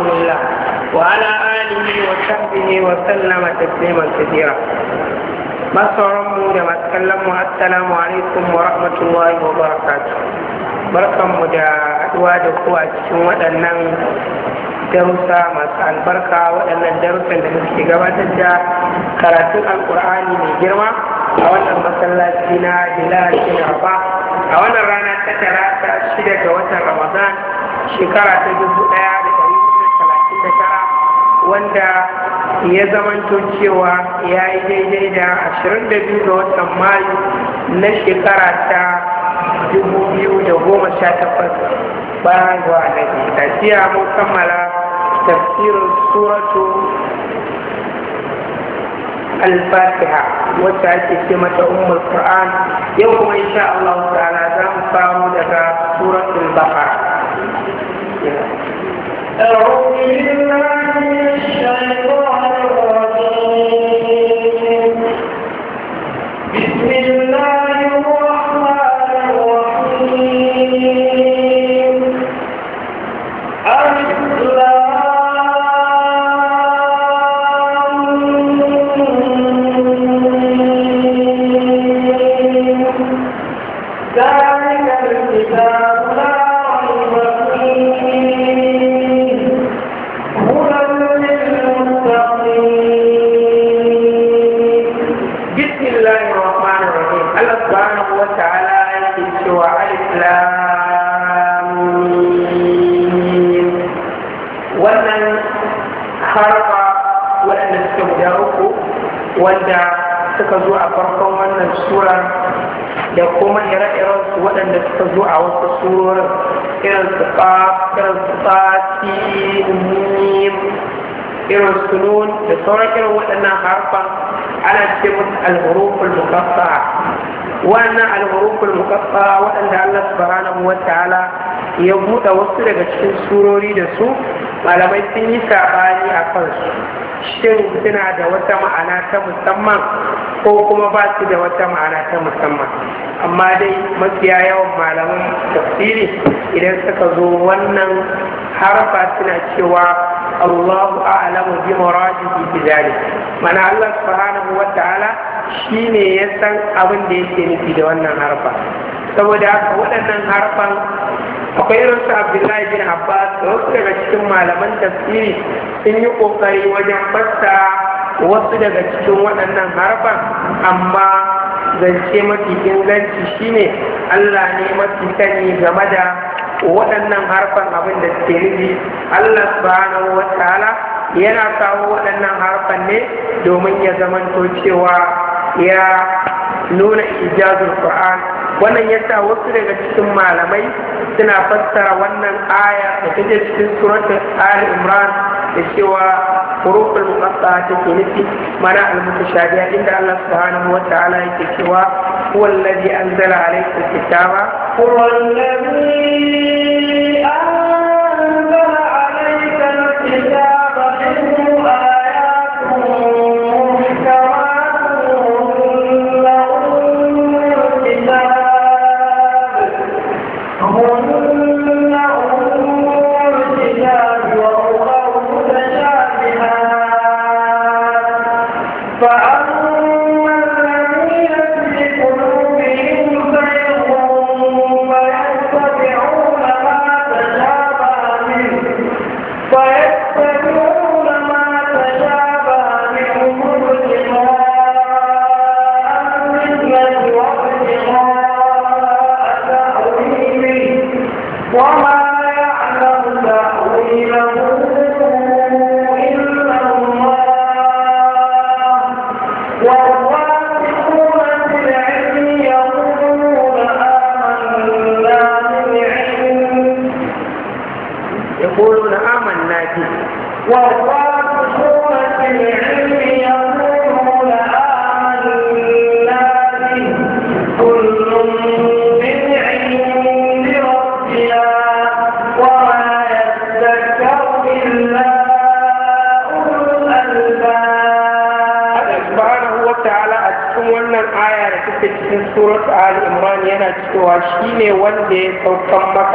رحمكم الله وعلى آله وصحبه وسلم تسليما كثيرا masauraranmu da masu kallonmu assalamu alaikum wa rahmatullahi wa barakatu barkanmu da haɗuwa da ku cikin waɗannan darussa masu albarka waɗannan darusan da muke gabatar da karatun alkur'ani mai girma a wannan masallaci na bilal bin rabah a wannan rana ta tara ta shida ga watan ramadan shekara ta dubu ɗaya da wanda ya zamanto cewa ya yi daidai da 22 ga watan mayu na shekara ta 2018 bayan zuwa na tafiya mun kammala tafsirin suratu al-fatiha wacce ake ce mata umar qur'an yau kuma insha Allah ta'ala za mu faro daga suratul baqara أعوذ بالله Thank you. waɗanda suka zo a wasu surorin irin su qaf irin su mim irin su nun da sauran irin waɗannan harfan ana ce musu alhurufin mukaffa muqatta'a wannan al-huruful waɗanda Allah subhanahu wa ta'ala ya buɗe wasu daga cikin surori da su malamai sun yi sabani a kansu shin suna da wata ma'ana ta musamman ko kuma ba su da wata ma'ana ta musamman amma dai mafiya yawan malaman tafsiri idan suka zo wannan harfa suna cewa allahu a'lamu bi muradihi bi zalik mana allah subhanahu wa ta'ala shine ya san abin da yake nufi da wannan harfa saboda haka waɗannan harfan akwai irin su abdullahi bin abbas da wasu daga cikin malaman tafsiri sun yi kokari wajen fassa wasu daga cikin waɗannan harfan amma zance mafi inganci shine allah ne mafi sani game da waɗannan harfan abin da suke nufi allah subhanahu wa ta'ala yana kawo waɗannan harfan ne domin ya zamanto cewa ya nuna ijazul qur'an wannan yasa wasu daga cikin malamai suna fassara wannan aya da take cikin suratul ali imran da cewa furukul muqatta take nufi mana al-mutashabiha inda Allah subhanahu wa yake cewa huwa allazi anzala alayka kitaba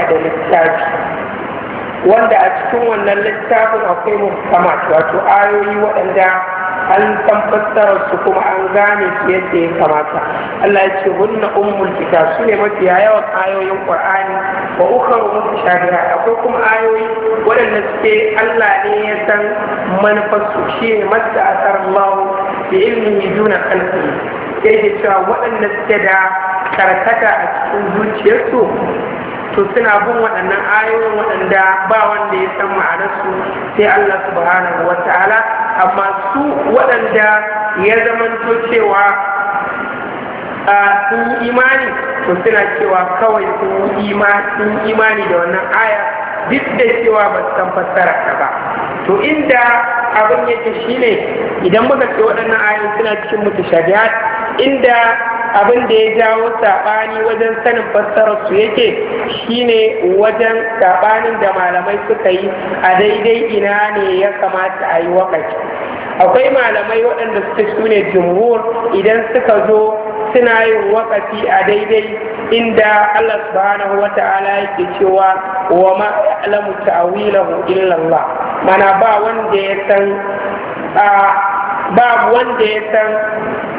da littafi wanda a cikin wannan littafin akwai muhkamat wato ayoyi waɗanda an san fassarar su kuma an gane su yadda ya kamata Allah ya ce hunna ummul kitab su ne mafiya yawan ayoyin Qur'ani wa ukharu mutashabiha akwai kuma ayoyi waɗanda suke Allah ne ya san manufar su shi ne madda asar Allah bi ilmihi duna khalqihi yake cewa waɗanda suke da karkata a cikin zuciyarsu to suna bin waɗannan ayoyin waɗanda ba wanda ya san ma'anarsu sai Allah subhanahu wa ta'ala amma su waɗanda ya to cewa sun yi imani to suna cewa kawai sun yi imani da wannan aya duk da cewa ba su san fassara ta ba to inda abin yake shine idan muka ce waɗannan ayoyin suna cikin mutashabihat inda abin da ya jawo saɓani wajen sanin fassarar su yake shine wajen saɓanin da malamai suka yi a daidai ina ne ya kamata a yi wakaci akwai malamai waɗanda suka su ne jumhur idan suka zo suna yin wakaci a daidai inda Allah subhanahu wa ta'ala yake cewa wa ma ya'lamu ta'wilahu mana ba wanda ya san babu wanda ya san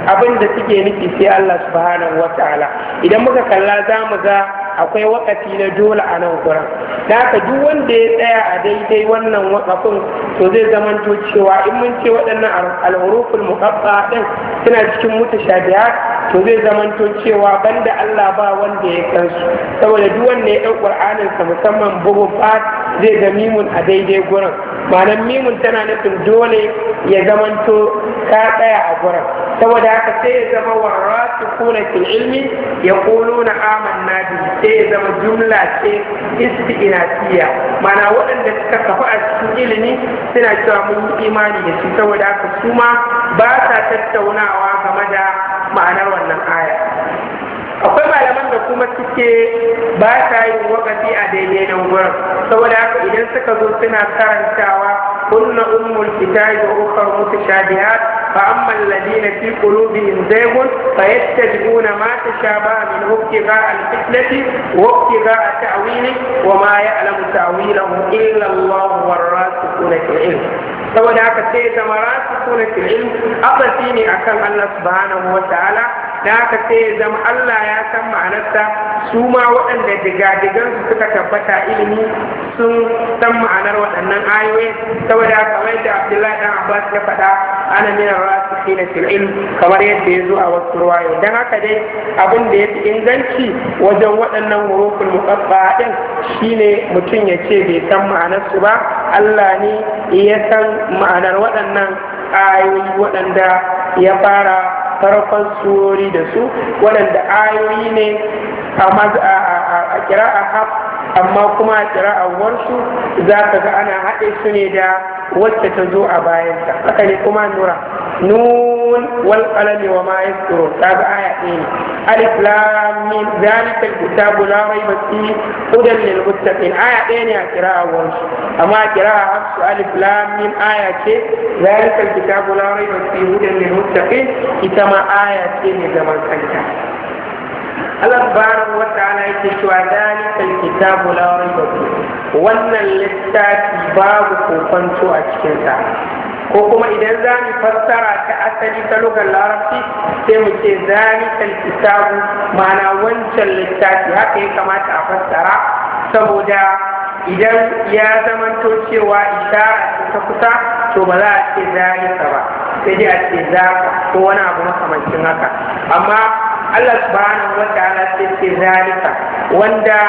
abin da suke nufi sai Allah subhanahu wa ta'ala idan muka kalla za mu ga akwai wakati na dole a nan gurin da haka duk wanda ya tsaya a daidai wannan wakafin to zai zamanto cewa in mun ce waɗannan alhurufin muqatta din suna cikin mutashabihat to zai zamanto cewa banda Allah ba wanda ya san su saboda duk wanda ya ɗau Qur'anin sa musamman bugun fat zai ga mimun a daidai gurin malam mimun tana nufin dole ya zamanto ka tsaya a gurin saboda haka sai ya zama warrasu kuna fil ilmi yaquluna amanna bihi sai ya zama jumla ce isti'inatiya mana waɗanda suka kafa a cikin ilimi suna cewa mun yi imani da shi saboda haka su ma ba sa tattaunawa game da ma'anar wannan aya akwai malaman da kuma suke ba sa yin wakati a daidai nan gurin saboda haka idan suka zo suna karantawa kunna ummul kitabi wa ukhra mutashabihat fa amma alladhina fi qulubihim zaygun fa yattabi'una ma tashabaha min ibtigha al-fitnati wa ibtigha ta'wili wa ma ya'lamu ta'wilahu illa Allah war rasikhuna fil ilm saboda haka sai zama rasikhuna fil ilm abasi ne akan Allah subhanahu wa ta'ala da ka ce zama Allah ya san ma'anarta su ma waɗanda digan su suka tabbata ilimi sun san ma'anar waɗannan ayoyi saboda kamar da Abdullahi dan Abbas ya faɗa ana min rasikhina fil ilm kamar yadda ya zo a wasu ruwayo dan haka dai abin da ya fi inganci wajen waɗannan huruful muqaffa din shine mutum ya ce bai san ma'anarsu ba Allah ne ya san ma'anar waɗannan ayoyi waɗanda ya fara farkon surori da su waɗanda ayoyi ne a a kira'a haf amma kuma a kira'a warshu za ka ga ana haɗe su ne da wacce ta zo a Ta haka ne kuma nura nun wal qalami wa ma yasturun ta ga aya ɗaya ne alif lam mim zalika alkitabu la rayba fihi hudan lil muttaqin aya ɗaya ne a kira'a warshu amma a kira'a haf su alif lam mim aya ce zalika alkitabu la rayba fihi hudan lil muttaqin ita ma aya ce ne zaman kanta Allah subhanahu wa ta'ala yake cewa dalikal kitabu la raiba wannan littafi babu kokonto a cikin sa ko kuma idan za mu fassara ta asali ta lugar larabci sai mu ce zalikal kitabu ma'ana wancan littafi haka ya kamata a fassara saboda idan ya zamanto cewa ishara ta kusa to ba za a ce zalika ba sai dai a ce zaka ko wani abu makamancin haka amma Allah subhanahu wa ta'ala sai ce zalika wanda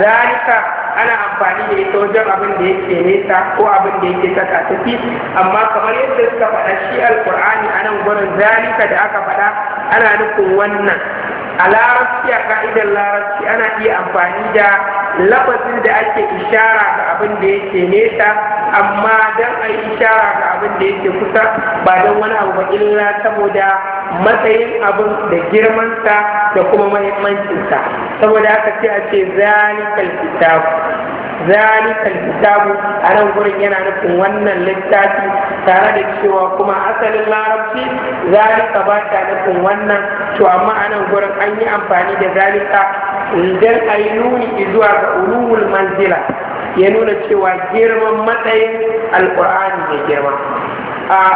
zalika ana amfani da ita wajen abin da yake nesa ko abin da yake saka tafi amma kamar yadda suka faɗa shi Alƙur'ani a nan gurin zalika da aka faɗa ana nufin wannan a larabci a ka'idar larabci ana iya amfani da lafazin da ake ishara ga abin da yake nesa amma don a yi ishara ga abin da yake kusa ba don wani abu ba illa saboda matsayin abin da girmansa da kuma mahimmancinsa saboda haka sai a ce zalikal kitab zalikal kitabu a nan gurin yana nufin wannan littafi tare da cewa kuma asalin larabci zalika ba ta nufin wannan to amma a nan gurin an yi amfani da zalika idan a yi nuni zuwa ga ulumul manzila ya nuna cewa girman matsayin Alƙur'ani ya girma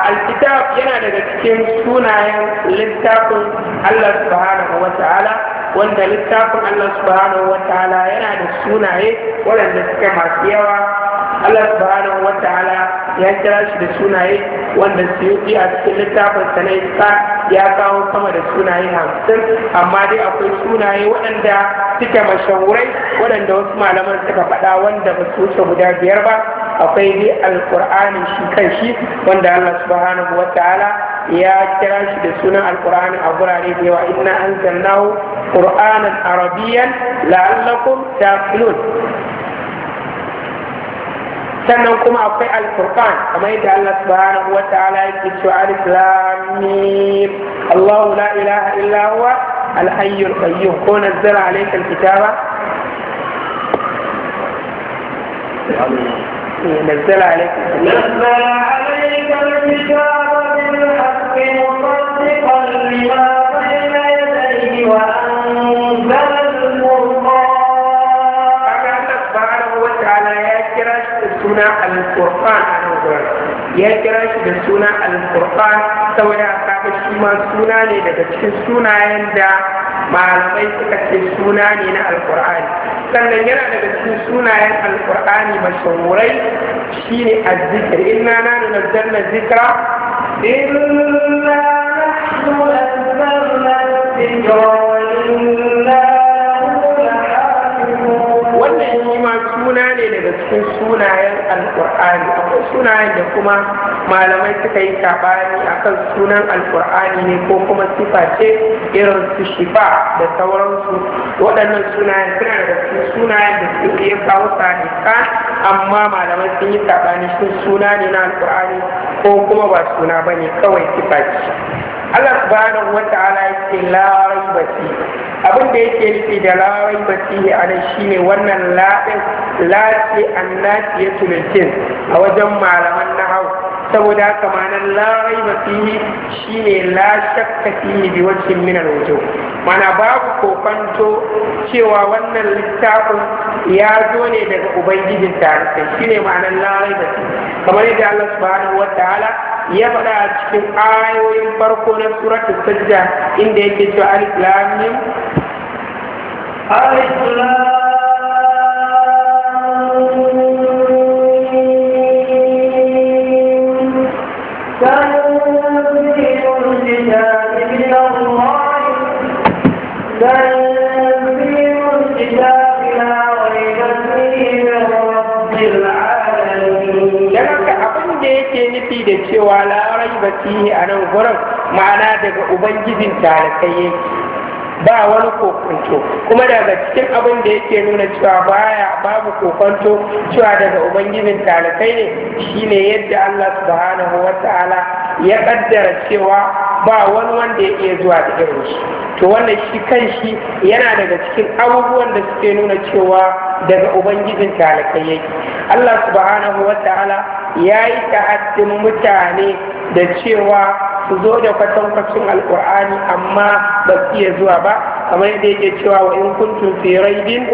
alkitab yana daga cikin sunayen littafin allah subhanahu wa ta'ala wanda littafin Allah subhanahu wa ta'ala yana da sunaye waɗanda suke masu yawa Allah subhanahu wa ta'ala ya kira shi da sunaye wanda suyuti a cikin littafin sa na isa ya kawo sama da sunaye hamsin amma dai akwai sunaye waɗanda suke mashahurai waɗanda wasu malaman suka faɗa wanda ba su wuce guda biyar ba akwai dai alƙur'ani shi kan shi wanda Allah subhanahu wa ta'ala ya kira shi da sunan alqur'ani a gurare da yawa inna anzalnahu qur'anan arabiyyan la'allakum taqilun sannan kuma akwai alfurqan kamar yadda Allah subhanahu wa ta'ala yake cewa alif lam mim Allahu la ilaha illa huwa al-hayyul qayyum ko nazzala alayka al-kitaba nazzala alayka nazzala alayka al-kitaba suna alfurfan a nan gurin ya kira shi da suna alfurfan saboda kaga shi ma suna ne daga cikin sunayen da malamai suka ce suna ne na alkur'ani sannan yana daga cikin sunayen alkur'ani mashahurai shine azzikir inna na nazzalna zikra inna nahnu nazzalna zikra alkur'ani akwai sunayen da kuma malamai suka yi sabani akan sunan Alƙur'ani ne ko kuma sifa ce irin su shifa da sauransu waɗannan sunayen suna da su sunayen da suke iya kawo sadiqa amma malamai sun yi sabani sun suna ne na alkur'ani ko kuma ba suna ba ne kawai sifa ce Allah subhanahu wa ta'ala yake la raiba fi abin da yake nufi da la raiba fi anan shine wannan la din la ce annatiyatul jin a wajen malaman nahwu saboda haka ma'anar la raiba fihi shine la shakka fihi bi wajhin min al wujuh mana babu kokanto cewa wannan littafin ya zo ne daga ubangijin tarihi shine ma'anar la raiba fihi kamar yadda Allah subhanahu wa ta'ala ya faɗa a cikin ayoyin farko na suratul sajda inda yake cewa alif lam mim alif lam تنزيل الكتاب cewa larai ba fihi a nan gurin ma'ana daga ubangijin talakai yake ba wani kokonto kuma daga cikin abin da yake nuna cewa baya babu kokonto cewa daga ubangijin talakai ne shine yadda Allah subhanahu wa ta'ala ya kaddara cewa ba wani wanda ya iya zuwa da irin shi to wannan shi kan shi yana daga cikin abubuwan da suke nuna cewa daga ubangijin talakai yake Allah subhanahu wa ta'ala ya yi ta'addin mutane da cewa su zo da kwatankwacin alkur'ani amma ba su iya zuwa ba kamar yadda yake cewa wa in kuntum fi ra'idin?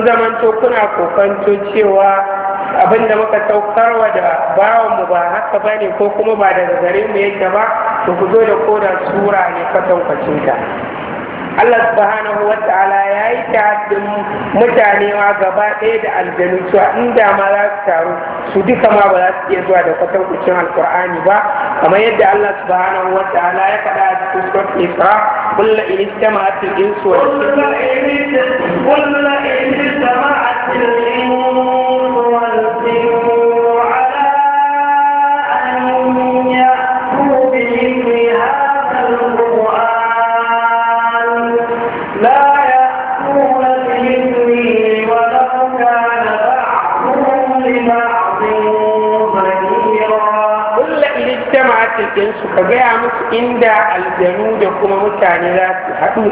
kun zamanto kuna kokanto cewa abin da muka saukarwa da mu ba haka ba ne ko kuma ba daga gare mu yadda ba to ku zo da koda sura ne kwatankwacin ta Allah subhanahu wa ta'ala ya yi ta'addin mutane wa gaba ɗaya da aljanu cewa inda ma za su taru su duka ma ba za su iya zuwa da kwatankwacin alkur'ani ba kamar yadda Allah subhanahu wa ta'ala ya faɗa a cikin surat Isra قل إن اجتمعت الإنس والإنس قل إن اجتمعت الإنس ɗinsu ka gaya musu inda aljanu da kuma mutane za su haɗu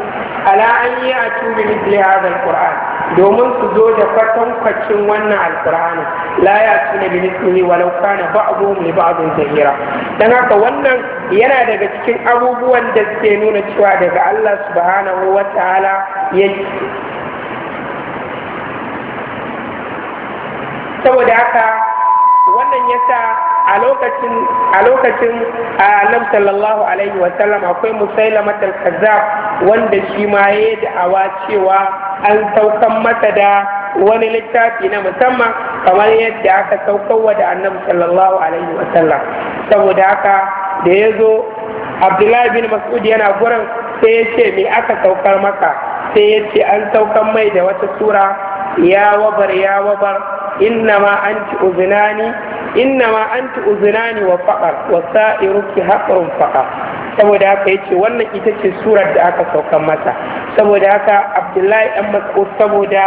ala an yi a tubi misli hadal ƙura'an domin su zo da kwatankwacin wannan alqur'ani la ya tuna na misli walau kana ba'dhum li ba'dhin zahira don haka wannan yana daga cikin abubuwan da suke nuna cewa daga Allah subhanahu wa ta'ala yake saboda haka a lokacin a lokacin annabi sallallahu alaihi wa sallam akwai musailama al wanda shi ma ya da'awa cewa an saukan masa da wani littafi na musamman kamar yadda aka wa da annabi sallallahu alaihi wa sallam saboda haka da ya zo abdullahi bin mas'ud yana gurin sai ya ce me aka saukar maka sai ya ce an saukan mai da wata sura ya wabar ya wabar innama anti uzinani innama anti uzinani wa faqar wa sa'iruki saboda haka yace wannan ita ce surar da aka saukan mata saboda haka Abdullahi dan Mas'ud saboda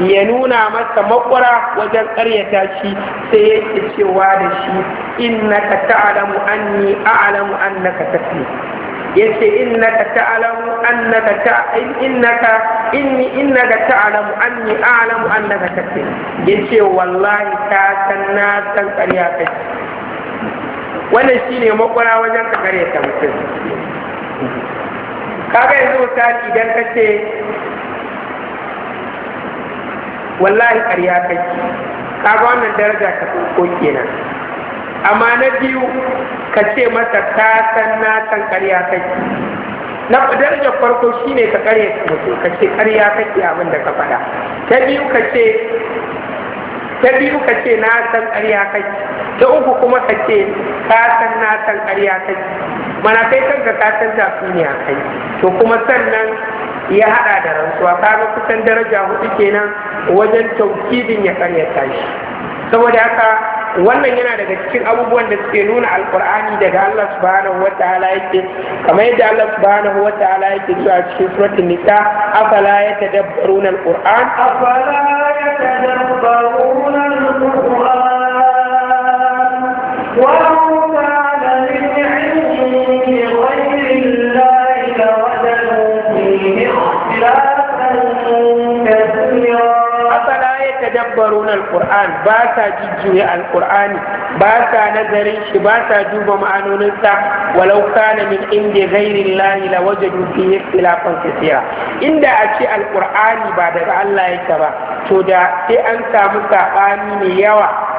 ya nuna masa makwara wajen karyata shi sai yake cewa da shi innaka ta'lamu anni a'lamu annaka tasbih yace innaka ta'lamu annaka ta'in innaka inni innaka ta'lamu anni a'lamu annaka takzib yace wallahi ka san na san ƙarya kai wannan shine makwara wajen ka kare ta mutum kaga yanzu misali idan ka ce wallahi ƙarya kai kaga wannan daraja ta ko kenan amma na biyu ka ce masa ka san na san karya kai na darajar farko shine ka karya mutu ka ce karya kai abin da ka faɗa ta biyu ka ce ta biyu ka ce na san karya kai ta uku kuma ka ce ka san na san karya kai mana kai kanka ka san tafi ne a kai to kuma sannan ya haɗa da rantsuwa kaga kusan daraja hudu kenan wajen taukidin ya karya shi saboda haka wannan yana daga cikin abubuwan da suke nuna alkur'ani daga Allah subhanahu wataala yake kamar yadda Allah subhanahu wataala yake zuwa cikin suratul nisa afala yatadabbaruna alqur'an afala yatadabbaruna alqur'an wa alquran ba sa jijjiwe alqur'ani ba sa nazarin shi ba sa duba ma'anoninsa walau kana min inda ghairi llahi la wajadu fihi ikhtilafan kathira inda a ce alqur'ani ba daga Allah yake ba to da sai an samu saɓani mai yawa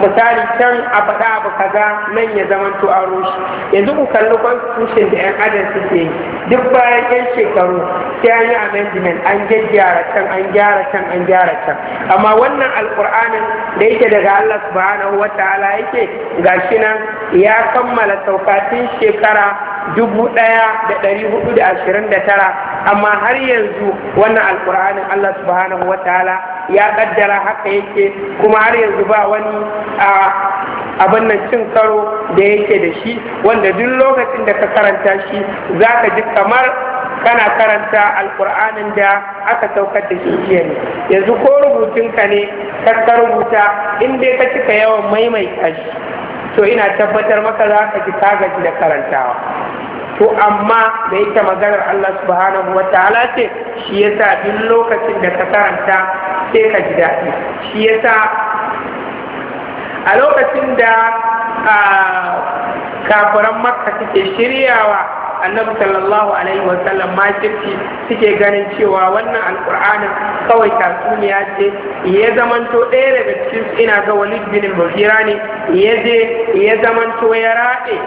misali can a faɗa abu kaza nan ya zamanto a roshi yanzu ku kalli constitution da yan adam suke yi duk bayan yan shekaru sai an yi amendment an gyaggyara can an gyara can an gyara can amma wannan alƙur'anin da yake daga Allah subhanahu wa ta'ala yake gashi nan ya kammala saukatin shekara dubu ɗaya da ɗari hudu da ashirin da tara amma har yanzu wannan Alƙur'anin Allah subhanahu wa ta'ala ya ƙaddara haka yake kuma har yanzu ba wani abin nan cin karo da yake da shi wanda duk lokacin da ka karanta shi za ka ji kamar kana karanta Alƙur'anin da aka saukar da shi jiya ne yanzu ko rubutunka ne ka rubuta in dai ka cika yawan maimaita shi to ina tabbatar maka za ka ji tagaji da karantawa to amma da yake maganar Allah subhanahu wa ta'ala ce shi yasa duk lokacin da ka karanta sai ka ji daɗi shi yasa a lokacin da kafiran makka suke shiryawa annabi sallallahu alaihi wasallam ma shirki suke ganin cewa wannan alkur'anin kawai tatsuniya ce ya zamanto ɗaya daga cikin ina ga walid bin mughira ne ya je ya zamanto ya raɗe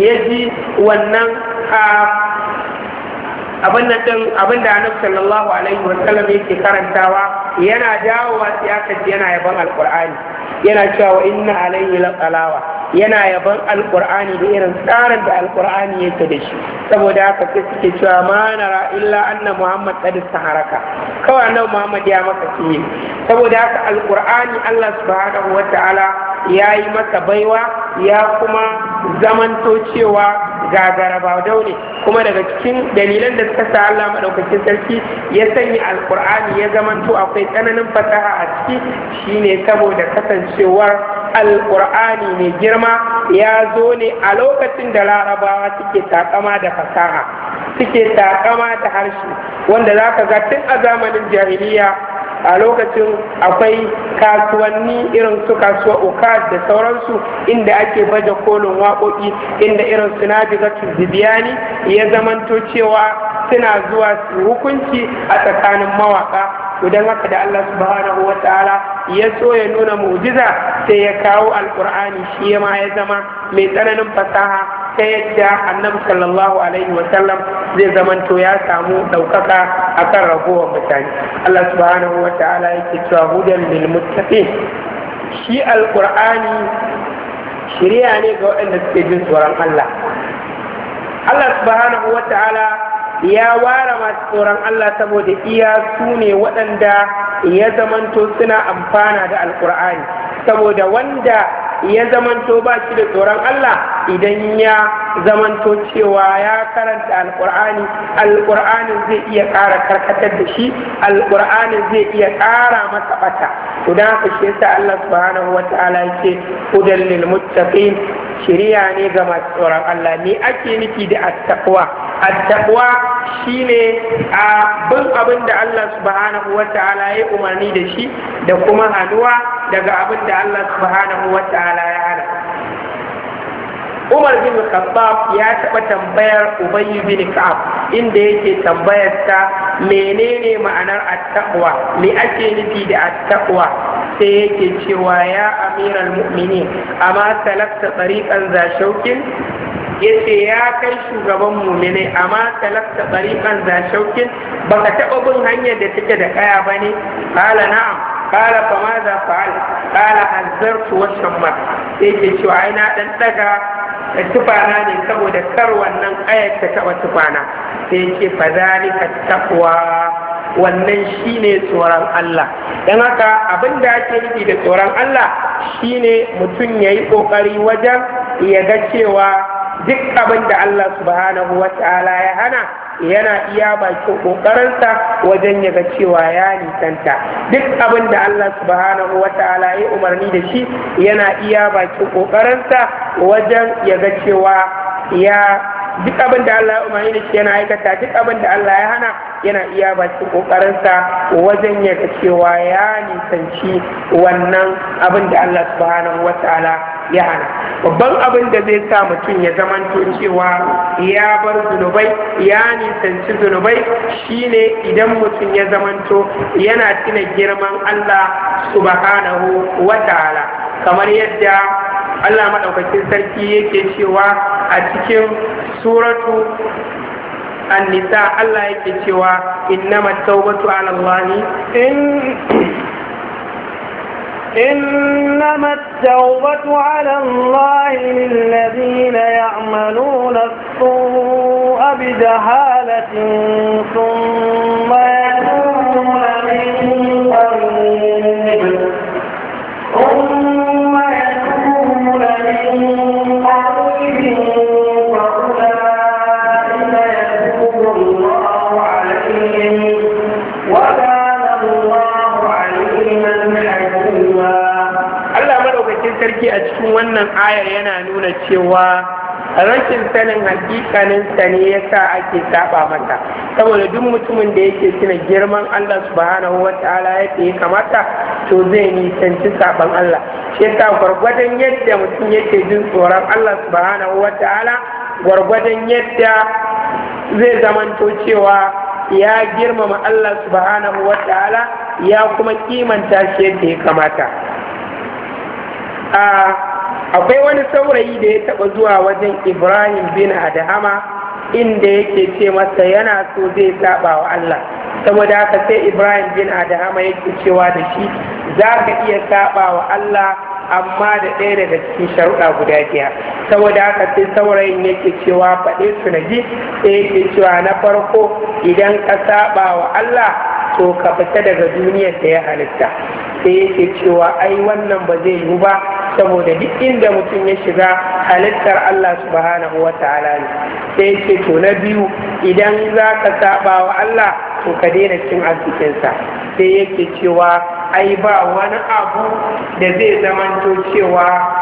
ya ji wannan abin nan din abin da annabi sallallahu alaihi wasallam yake karantawa yana dawowa sai yana yaban alqur'ani yana cewa inna alaihi laqalawa yana yaban alkur'ani da irin tsarin da alkur'ani yake da shi saboda haka sai suke cewa ma nara illa anna muhammad qad haraka kawai annabi muhammad ya maka kiyi saboda haka alkur'ani Allah subhanahu wataala ya yi masa baiwa ya kuma zamanto cewa gagara ba ne kuma daga cikin dalilan da suka sa Allah maɗaukacin sarki ya sanya alkur'ani ya zamanto akwai tsananin fasaha a ciki shine saboda kasancewar alƙur'ani mai girma ya zo ne a lokacin da larabawa suke takama da fasaha suke takama da harshe wanda za ka ga tun a zamanin jahiliya a lokacin akwai kasuwanni irin su kasuwa uka da sauransu inda ake baje kolin waƙoƙi inda irin su na nabi zibiyani ya zamanto cewa suna zuwa su hukunci a tsakanin mawaƙa idan haka da Allah subhanahu ta'ala ya so ya nuna mu'jiza sai ya kawo alqur'ani shi ma ya zama mai tsananin fasaha ta yadda annabi sallallahu alaihi wa sallam zai zaman to ya samu ɗaukaka a kan ragowar mutane allah subhanahu wa ta'ala yake cewa hudan lil muttaqin shi alqur'ani shirya ne ga waɗanda suke jin tsoron allah allah subhanahu wa ta'ala ya ware masu tsoron Allah saboda iya su ne waɗanda ya zamanto suna amfana da Alƙur'ani. saboda wanda ya zamanto ba shi da tsoron Allah idan ya zamanto cewa ya karanta Alƙur'ani, Alƙur'ani zai iya ƙara karkatar da shi Alƙur'ani zai iya ƙara masa bata to dan haka shi yasa Allah subhanahu wataala yake hudan lil muttaqin shiriya ne ga masu tsoron Allah ne ake nufi da attaqwa attaqwa shine a bin abin da Allah subhanahu wataala ya umarni da shi da kuma hanuwa daga abin da Allah subhanahu wataala ya hana Umar bin Khattab ya taɓa tambayar Ubayy bin Ka'ab inda yake tambayar ta menene ma'anar attaqwa me ake nufi da attaqwa sai yake cewa ya amiral mu'minin amma talakta tsariƙan za shaukin yace ya kai shugaban mu ne amma talatta tariqan da shaukin baka taba bin hanyar da take da kaya ba ne kala na'am kala fa ma za fa'al kala hazzartu wa shamma yake cewa ai na dan daga tufana ne saboda kar wannan ayar ta taɓa tufana sai yake fa zalika taqwa wannan shine tsoron Allah dan haka abin da ake nufi da tsoron Allah shine mutum yayi yi ƙoƙari wajen ya ga cewa duk abin da Allah subhanahu wa ta'ala ya hana yana iya bakin kokarinsa wajen ya ga cewa ya nisanta duk abin da Allah subhanahu wa ta'ala ya umarni da shi yana iya bakin kokarinsa wajen ya ga cewa ya duk abin da Allah ya umarni da shi yana aikata duk abin da Allah ya hana yana iya bakin kokarinsa wajen ya ga cewa ya nisanci wannan abin da Allah subhanahu wataala ya hana babban abin da zai sa mutum ya zamanto cewa ya bar zunubai ya nisanci zunubai shine idan mutum ya zamanto yana tuna girman Allah subhanahu wataala kamar yadda Allah maɗaukakin sarki yake cewa a cikin suratu annisa Allah yake cewa innama tawbatu ala Allah إنما التوبة على الله للذين يعملون السوء بجهالة ثم يتوبون cikin wannan ayar yana nuna cewa rashin sanin hakikanin sa ne yasa ake saba mata saboda duk mutumin da yake tuna girman Allah subhanahu wataala ta'ala ya kamata to zai nisanci saban Allah shi yasa gwargwadon yadda mutum yake jin tsoron Allah subhanahu wataala gwargwadon yadda zai zamanto cewa ya girmama Allah subhanahu wataala ya kuma kimanta shi yadda ya kamata ah, akwai wani saurayi da ya taɓa zuwa wajen ibrahim bin adahama inda yake ce masa yana so zai saba wa allah saboda haka sai ibrahim bin adahama yake cewa da shi za ka iya saba wa allah amma da ɗaya daga cikin sharuɗa guda biya saboda haka sai saurayin yake cewa faɗe su na ji sai yake cewa na farko idan ka saba wa Allah to ka fita daga duniyar da ya halitta sai yake cewa ai wannan ba zai yiwu ba saboda duk inda mutum ya shiga halittar Allah subhanahu wa ta'ala ne sai yake to na biyu idan za ka saba wa Allah to ka daina cin arzikinsa sai yake cewa ai ba wani abu da zai zamanto cewa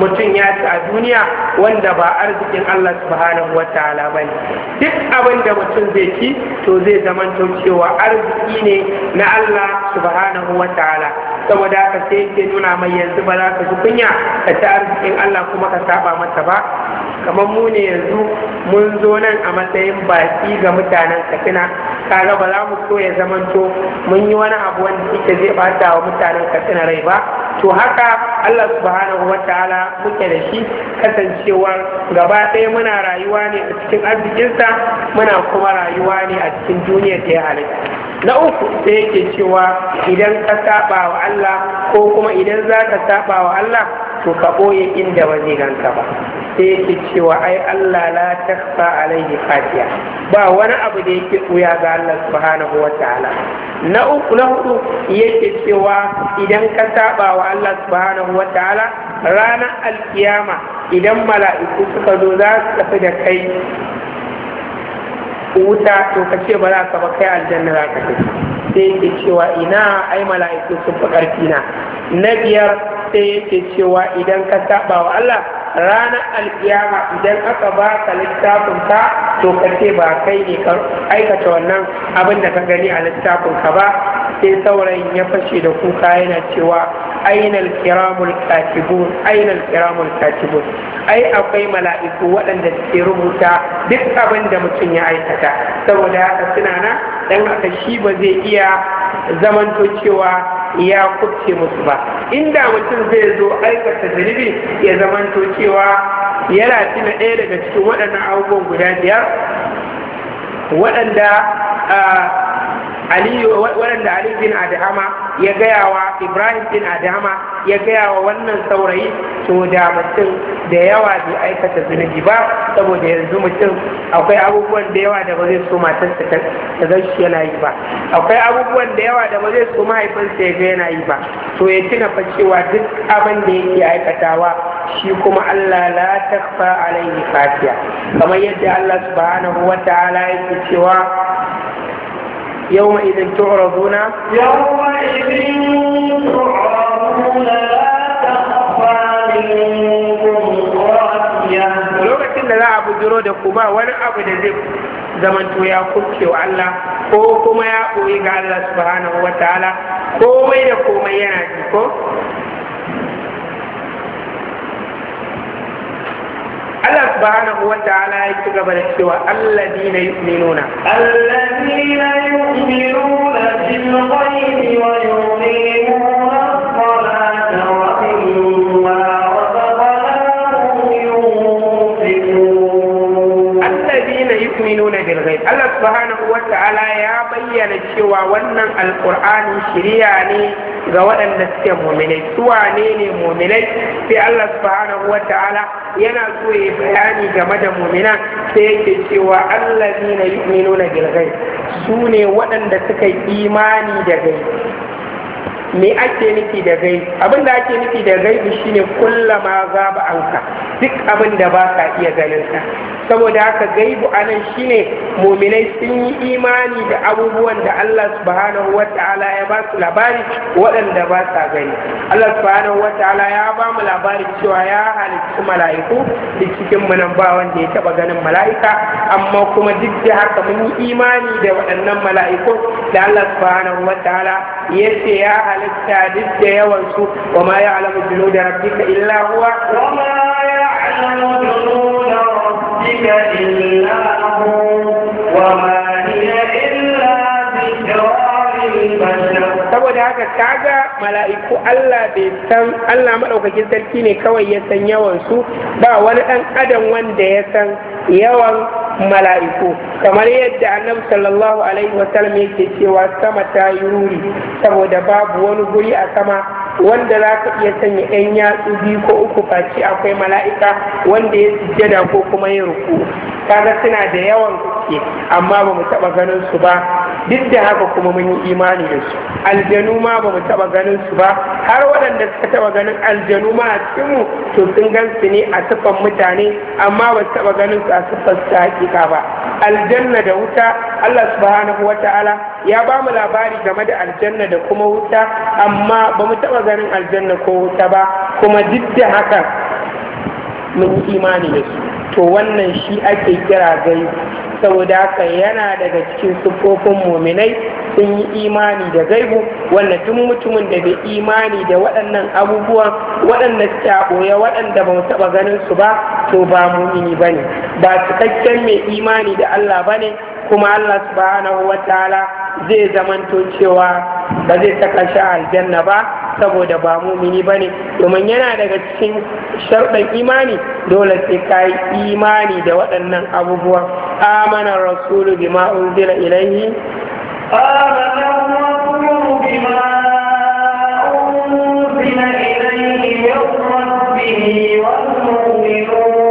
mutum ya ci a duniya wanda ba arzikin Allah subhanahu wa ta'ala ba ne duk abin da mutum zai ci to zai zama cewa arziki ne na Allah subhanahu wa ta'ala saboda ka sai ke nuna mai yanzu ba za ka ji kunya ka ci arzikin Allah kuma ka saba masa ba kamar mu ne yanzu mun zo nan a matsayin baki ga mutanen katsina kaga ba za mu so ya zamanto mun yi wani abu wanda yake zai bata wa mutanen katsina rai ba to haka Allah subhanahu wa ta'ala muke da shi kasancewar gaba ɗaya muna rayuwa ne a cikin arzikinsa muna kuma rayuwa ne a cikin duniyar da ya halitta na uku sai yake cewa idan ka saba wa Allah ko kuma idan za ka saba wa Allah to ka ɓoye inda ba zai ganka ba sai yake cewa ai Allah la takfa alaihi fatiya ba wani abu da yake ɓuya ga Allah subhanahu wa ta'ala na uku na hudu yake cewa idan ka saba wa Allah subhanahu wa ta'ala ranar alkiyama idan mala'iku suka zo za su tafi da kai wuta to ka ce ba za ka ba kai aljanna za ka tafi sai ke cewa ina ai mala'iku sun fi ƙarfi na na biyar sai yake cewa idan ka saba wa Allah ranar alkiyama idan aka ba ka littafin ka to ka ce ba kai ne ka aikata wannan abin da ka gani a littafin ka ba sai saurayin ya fashe da kuka yana cewa ainihin kiramul katibun ainihin kiramul katibun ai akwai mala'iku waɗanda suke rubuta duk abin da mutum ya aikata saboda haka suna na dan haka shi ba zai iya zamanto cewa ya kubce musu ba inda mutum zai zo aikata zunubi ya zamanto cewa yana tuna ɗaya daga cikin waɗannan abubuwan guda biyar waɗanda ah, aliyu waɗanda ali bin adhama ya gaya wa ibrahim bin Adama ya gaya wa wannan saurayi to da mutum da yawa bai aikata zunubi ba saboda yanzu mutum akwai abubuwan da yawa da ba zai so matarsa ta zan shi yana yi ba akwai abubuwan da yawa da ba zai so mahaifinsa ya ga yana yi ba to ya tuna fa cewa duk abin da yake aikatawa shi kuma Allah la takfa alaihi kafiya kamar yadda Allah subhanahu wa ta'ala yake cewa يومئذ تعرضون يومئذ تعرضون لا تخفى منكم خافية lokacin da za a bujiro da ku ba wani abu da ya kuke wa Allah ko kuma ya koyi ga Allah subhanahu wataala komai da komai yana ji ko subhanahu wa ta'ala ya ci gaba da cewa alladina yu'minuna alladina yu'minuna bil ghaibi wa yuqimuna as-salata wa mimma razaqnahum yunfiqun alladina yu'minuna bil ghaibi Allah subhanahu wa ta'ala ya bayyana cewa wannan alqur'ani shirya ne ga waɗanda suke muminai suwa ne ne muminai sai Allah subhanahu wa ta'ala yana so ya bayani game da mu'minan sai yake cewa allazina yu'minuna bil ghaib su ne waɗanda suka yi imani da gai. me ake nufi da gai abin da ake nufi da gai ne shine kullama za ba ka duk abin da ba ka iya ganin ka saboda haka gaibu anan ne muminai sun yi imani da abubuwan da Allah subhanahu ta'ala ya ba su labari waɗanda ba sa gani Allah subhanahu ta'ala ya ba mu labari cewa ya halicci mala'iku da cikin mu nan ba wanda ya taba ganin mala'ika amma kuma duk da haka mun yi imani da waɗannan mala'iku da Allah subhanahu ta'ala ya ce ya السادس يونس وما يعلم جنود ربك إلا هو وما يعلم جنود ربك إلا هو وما haka kaga mala'iku Allah bai san Allah maɗaukakin sarki ne kawai ya san yawan su ba wani ɗan adam wanda ya san yawan mala'iku kamar yadda annabi sallallahu alaihi wasallam yake cewa sama ta yi ruri saboda babu wani guri a sama wanda za ka iya sanya 'yan yatsu biyu ko uku face akwai mala'ika wanda ya sujjada ko kuma ya ruku kaga suna da yawan kuke amma ba mu taɓa ganin su ba duk da haka kuma mun yi imani da su aljanu ma ba mu taɓa ganin su ba har waɗanda suka taɓa ganin aljanu ma a mu to sun gan su ne a siffan mutane amma ba su taɓa ganin su a siffan su hakika ba aljanna da wuta Allah subhanahu wa ta'ala ya ba mu labari game da aljanna da kuma wuta amma ba mu taɓa ganin aljanna ko wuta ba kuma duk da haka mun imani da su to wannan shi ake kira gai saboda haka yana daga cikin siffofin muminai sun yi imani da gaibu wannan tun mutumin da bai imani da waɗannan abubuwan waɗanda suka ɓoye waɗanda ba mu taɓa ganin su ba to ba mumini ba ne ba cikakken mai imani da Allah ba ne kuma Allah subhanahu wa ta'ala zai zamanto cewa ba zai saka shi a aljanna ba saboda ba mumini ba domin yana daga cikin sharɗin imani dole sai ka yi imani da waɗannan abubuwan amana rasulu bima unzila ilaihi amana rasulu bima unzila wa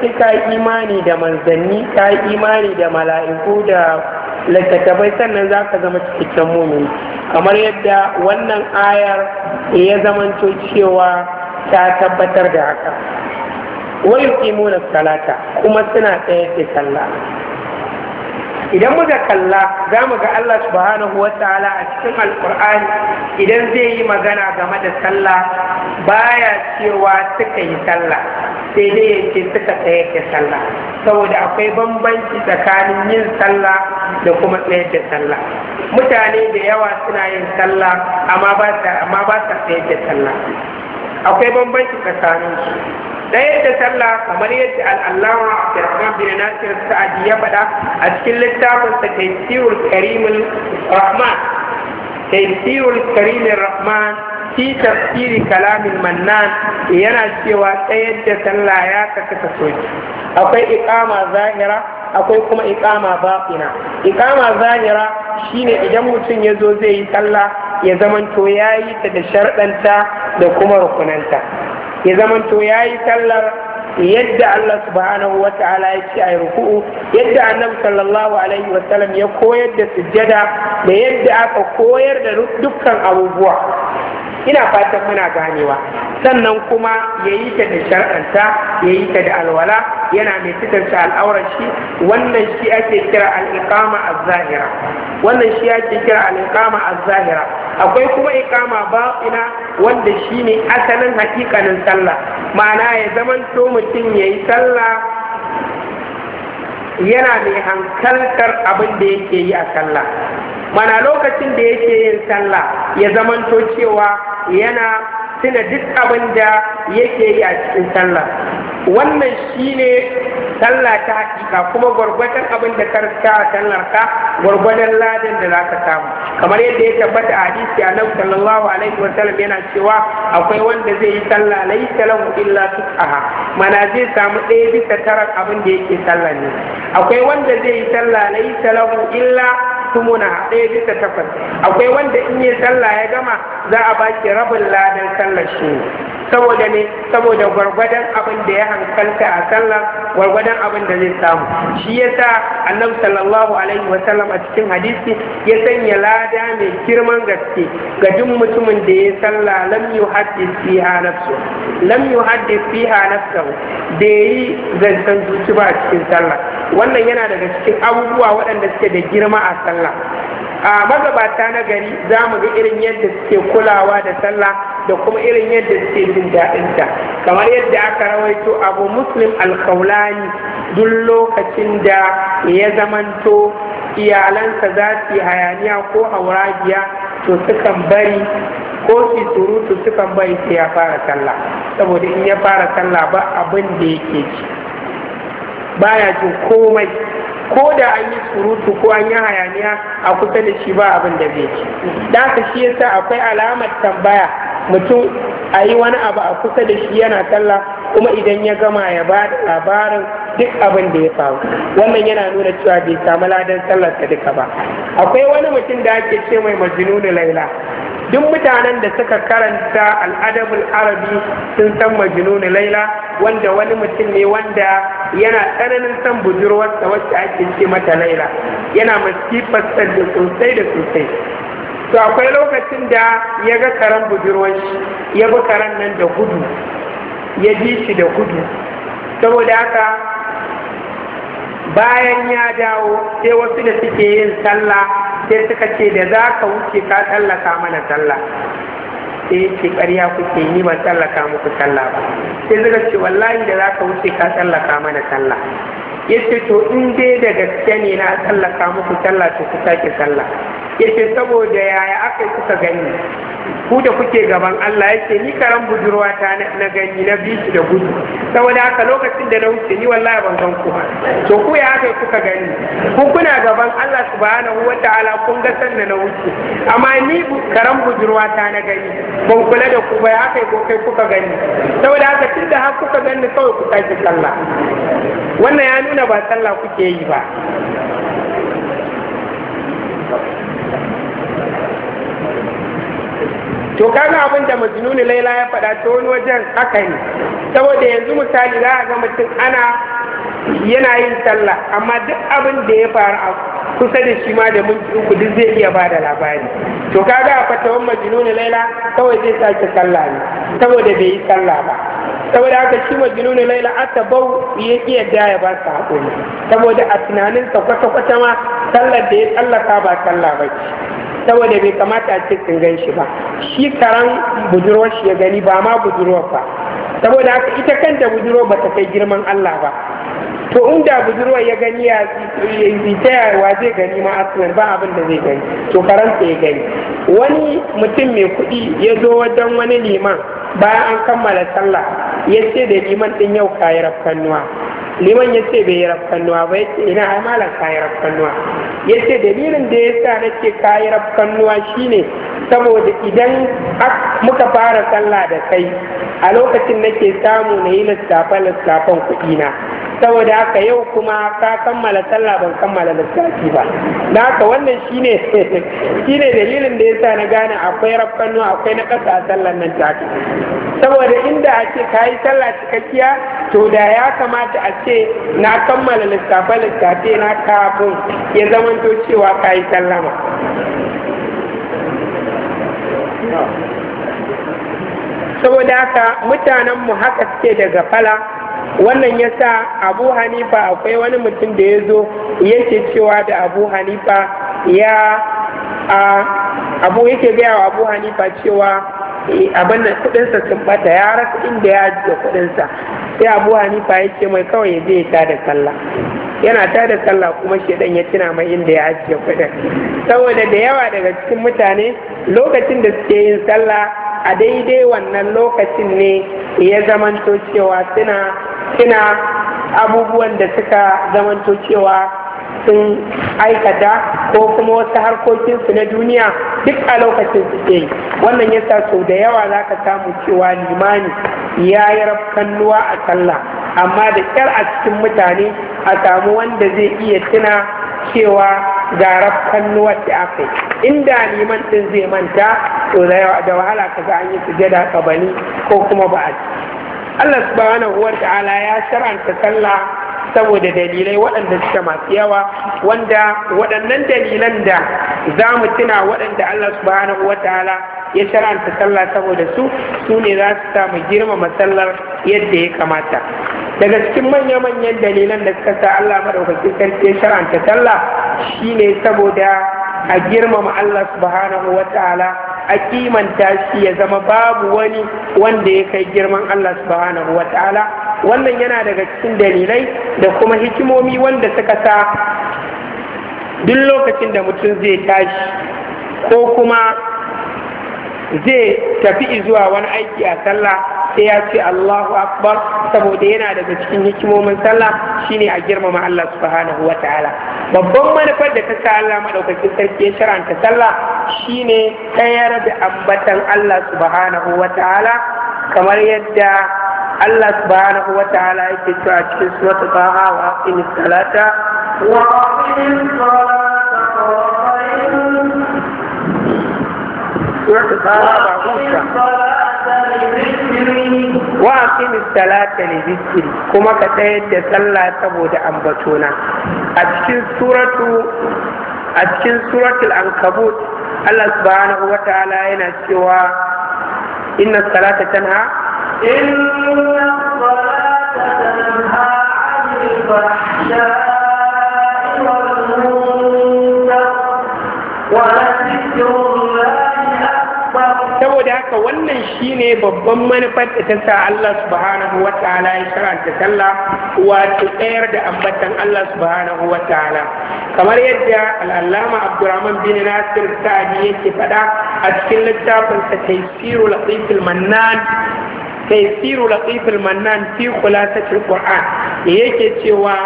sai ka yi imani da manzanni ka yi imani da mala'iku da littattafai sannan za ka zama cikakken mumin kamar yadda wannan ayar ya zamanto cewa ta tabbatar da haka wa yuqimuna salata kuma suna tsayar da sallah idan muka kalla za mu ga Allah subhanahu wa ta'ala a cikin alkur'ani idan zai yi magana game da sallah baya cewa suka yi sallah sai dai ya ce suka tsayar da sallah saboda akwai bambanci tsakanin yin sallah da kuma tsayar da sallah mutane da yawa suna yin sallah amma ba sa tsayar da sallah akwai bambanci tsakaninsu da yadda sallah kamar yadda al'allama abdurrahman bin nasir sa'adi ya faɗa a cikin littafin sa taysirul karimul rahman taysirul karimul rahman fi tafsiri kalamin mannan yana cewa tsayar da sallah ya kasa kaso akwai iqama zahira akwai kuma iqama batina iqama zahira shine idan mutum ya zo zai yi sallah ya zamanto yayi ta da sharɗanta da kuma rukunanta ya zamanto ya yi sallar yadda Allah subhanahu wa ta'ala ya ce a ruku'u yadda annabi sallallahu alaihi wa sallam ya koyar da sujjada da yadda aka koyar da dukkan abubuwa ina fatan muna ganewa sannan kuma ya yi ta da shar'anta ya yi ta da alwala yana mai fitarta al'aurar shi wannan shi ake kira al'iqama az-zahira wannan shi ake kira al'iqama az-zahira akwai kuma iqama ba'ina wanda shi shine asalin hakikanin sallah ma'ana ya zamanto mutum ya yi sallah yana mai hankaltar abin da yake yi a sallah mana lokacin da yake yin sallah ya zamanto cewa yana Suna duk abin da yake yi a cikin sallah wannan shine sallah ta hakika kuma gwargwadon abin da ka rika a sallar ka gwargwadon ladan da za ka samu kamar yadda ya tabbata a hadisi annabi sallallahu alaihi wa sallam yana cewa akwai wanda zai yi sallah laysa lahu illa tusaha mana zai samu ɗaya bisa tara abin da yake sallah ne akwai wanda zai yi sallah laysa lahu illa tumuna ɗaya bisa takwas akwai wanda in yi sallah ya gama za a baki rabin ladan sallar shi saboda ne saboda gwargwadon abin da ya hankalta a sallah gwargwadon abin da zai samu shi ya yasa annabi sallallahu alaihi wasallam a cikin hadisi ya sanya lada mai girman gaske ga duk mutumin da ya sallah lam yuhaddis fiha nafsu lam yuhaddis fiha nafsu da yi zancen zuci ba a cikin sallah wannan yana daga cikin abubuwa waɗanda suke da girma a sallah a magabata na gari za mu ga irin yadda suke kulawa da sallah da kuma irin yadda suke jin daɗinta kamar yadda aka rawaito abu muslim alkaulani duk lokacin da ya zamanto iyalansa za su yi hayaniya ko hauragiya to sukan bari ko su surutu sukan bari sai ya fara sallah saboda in ya fara sallah ba abin da yake ci baya jin komai ko da an yi surutu ko an yi hayaniya a kusa da shi ba abin da zai ci da ka shi yasa akwai alamar tambaya mutum a yi wani abu a kusa da shi yana talla, kuma idan ya gama ya ba da labarin duk abin da ya faru wannan yana nuna cewa bai samu ladan sallar ka duka ba akwai wani mutum da ake ce mai majnunu laila duk mutanen da suka karanta al'adabul arabi sun san majinuni laila wanda wani mutum ne wanda yana tsananin san budurwarsa wacce ake ce mata laila yana masifar da sosai da sosai to akwai lokacin da ya ga karan budurwar shi ya bi karen nan da gudu ya ji shi da gudu saboda haka bayan ya dawo sai wasu da suke yin sallah sai suka ce da za ka wuce ka tsallaka mana sallah sai yake ƙarya kuke yi ba tsallaka muku sallah ba sai suka ce wallahi da za ka wuce ka tsallaka mana sallah ya ce to in dai da gaske ne na tsallaka muku sallah to ku sake sallah ya ce saboda yaya aka yi kuka gani ku da kuke gaban Allah ya ce ni karan budurwa ta na gani na bishi da gudu saboda haka lokacin da na wuce ni wallahi ban gan ku ba, to ku ya aka kuka gani ku kuna gaban Allah subhanahu wa ta'ala kun ga sanna na wuce amma ni karan budurwa ta na gani ban kula da ku ba ya aka ko kai kuka gani saboda haka tunda har kuka gani kawai ku sake sallah wannan ya nuna nuna ba sallah kuke yi ba to kaga abin da majnuni laila ya faɗa ta wani wajen haka ne saboda yanzu misali za a ga mutum ana yana yin sallah amma duk abin da ya faru a kusa da shi ma da minti uku duk zai iya ba da labari to kaga a fatawan majnun laila kawai zai sake sallah ne saboda bai yi sallah ba saboda haka shi majnun laila asabau ya iya daya ya ba sa hakuri saboda a tunaninsa kwata-kwata ma sallar da ya tsallaka ba sallah ba saboda bai kamata a cikin gan shi ba shi karan budurwar shi ya gani ba ma budurwar ba saboda haka ita kanta budurwa ba ta kai girman Allah ba to inda budurwa ya gani ya yi wa zai gani ma asirin ba abin da zai gani to faransa ya gani wani mutum mai kuɗi ya zo wajen wani liman bayan an kammala sallah ya ce da liman ɗin yau kayi rafkannuwa liman ya ce bai yi rafkannuwa ba yace ina ai malam ka yi rafkannuwa ya ce dalilin da ya sa na ce ka yi rafkannuwa ne saboda idan muka fara sallah da kai a lokacin nake samu na yi lissafe lissafen kuɗi na saboda haka yau kuma ka kammala sallah ban kammala lissafi ba da haka wannan shine shine dalilin da yasa na gane akwai rafkanu akwai na kasa a sallan nan ta saboda inda a ce ka yi sallah cikakkiya to da ya kamata a ce na kammala littafi littafi na kafin ya zamanto cewa ka yi sallama saboda haka mutanenmu haka suke daga fala wannan ya sa abu hanifa akwai wani mutum da ya zo yake cewa da abu hanifa ya a abu yake gaya wa abu hanifa cewa eh, abin da kudinsa sun bata ya rasa inda ya da kudinsa sai abu hanifa ya ce mai kawai ya je ya da sallah yana tada sallah kuma shedan ya tuna mai inda ya ajiye kudin saboda da yawa daga cikin mutane lokacin da suke yin sallah a daidai wannan lokacin ne ya zamanto cewa suna abubuwan da suka zamanto cewa sun aikata ko kuma wasu harkokinsu na duniya duk a lokacin suke ke wannan yasa sau da yawa za ka samu cewa limani ya yi rafkannuwa a sallah amma da kyar a cikin mutane a samu wanda zai iya tuna cewa ga rafkannuwar ta aka yi inda liman ɗin zai manta to da wahala ka ga an yi sujada bani ko kuma ba a Allah subhanahu wa ta'ala ya shar'anta sallah saboda dalilai waɗanda suka masu yawa wanda waɗannan dalilan da za mu tuna waɗanda Allah subhanahu wa ta'ala ya shara'anta sallah saboda su su ne za su samu girmama sallar yadda ya kamata daga cikin manya-manyan dalilan da suka sa Allah maɗaukacin sarki ya shara'anta sallah ne saboda a girmama Allah subhanahu wa ta'ala a kimanta shi ya zama babu wani wanda ya kai girman Allah subhanahu wa ta'ala wannan yana daga cikin dalilai da kuma hikimomi wanda suka sa duk lokacin da mutum zai tashi ko kuma zai tafi zuwa wani aiki a sallah sai ya ce Allahu akbar saboda yana daga cikin hikimomin sallah shine a girmama Allah subhanahu ta'ala. babban manufar da ta sa Allah madaukakin sarki ya sharanta sallah shine tayar da ambatan Allah subhanahu ta'ala kamar yadda Allah subhanahu ta'ala yake cewa cikin suratul Taha wa aqimis salata wa aqimis salata واقم الصلاة لذكري كما كتيت صلاة تبود أنبتونا أتكين سورة أتكين سورة الأنكبوت الله سبحانه وتعالى إن سوى إن الصلاة تنهى إن الصلاة تنهى عن الفحشاء والمنكر shine babban manufar da ta sa Allah subhanahu wa ta'ala ya sharanta sallah wato tsayar da ambatan Allah subhanahu wa ta'ala kamar yadda al'allama Abdurrahman bin Nasir Sa'di yake faɗa a cikin littafin sa Taysirul Latif mannan Taysirul kula mannan fi khulasatil Qur'an yake cewa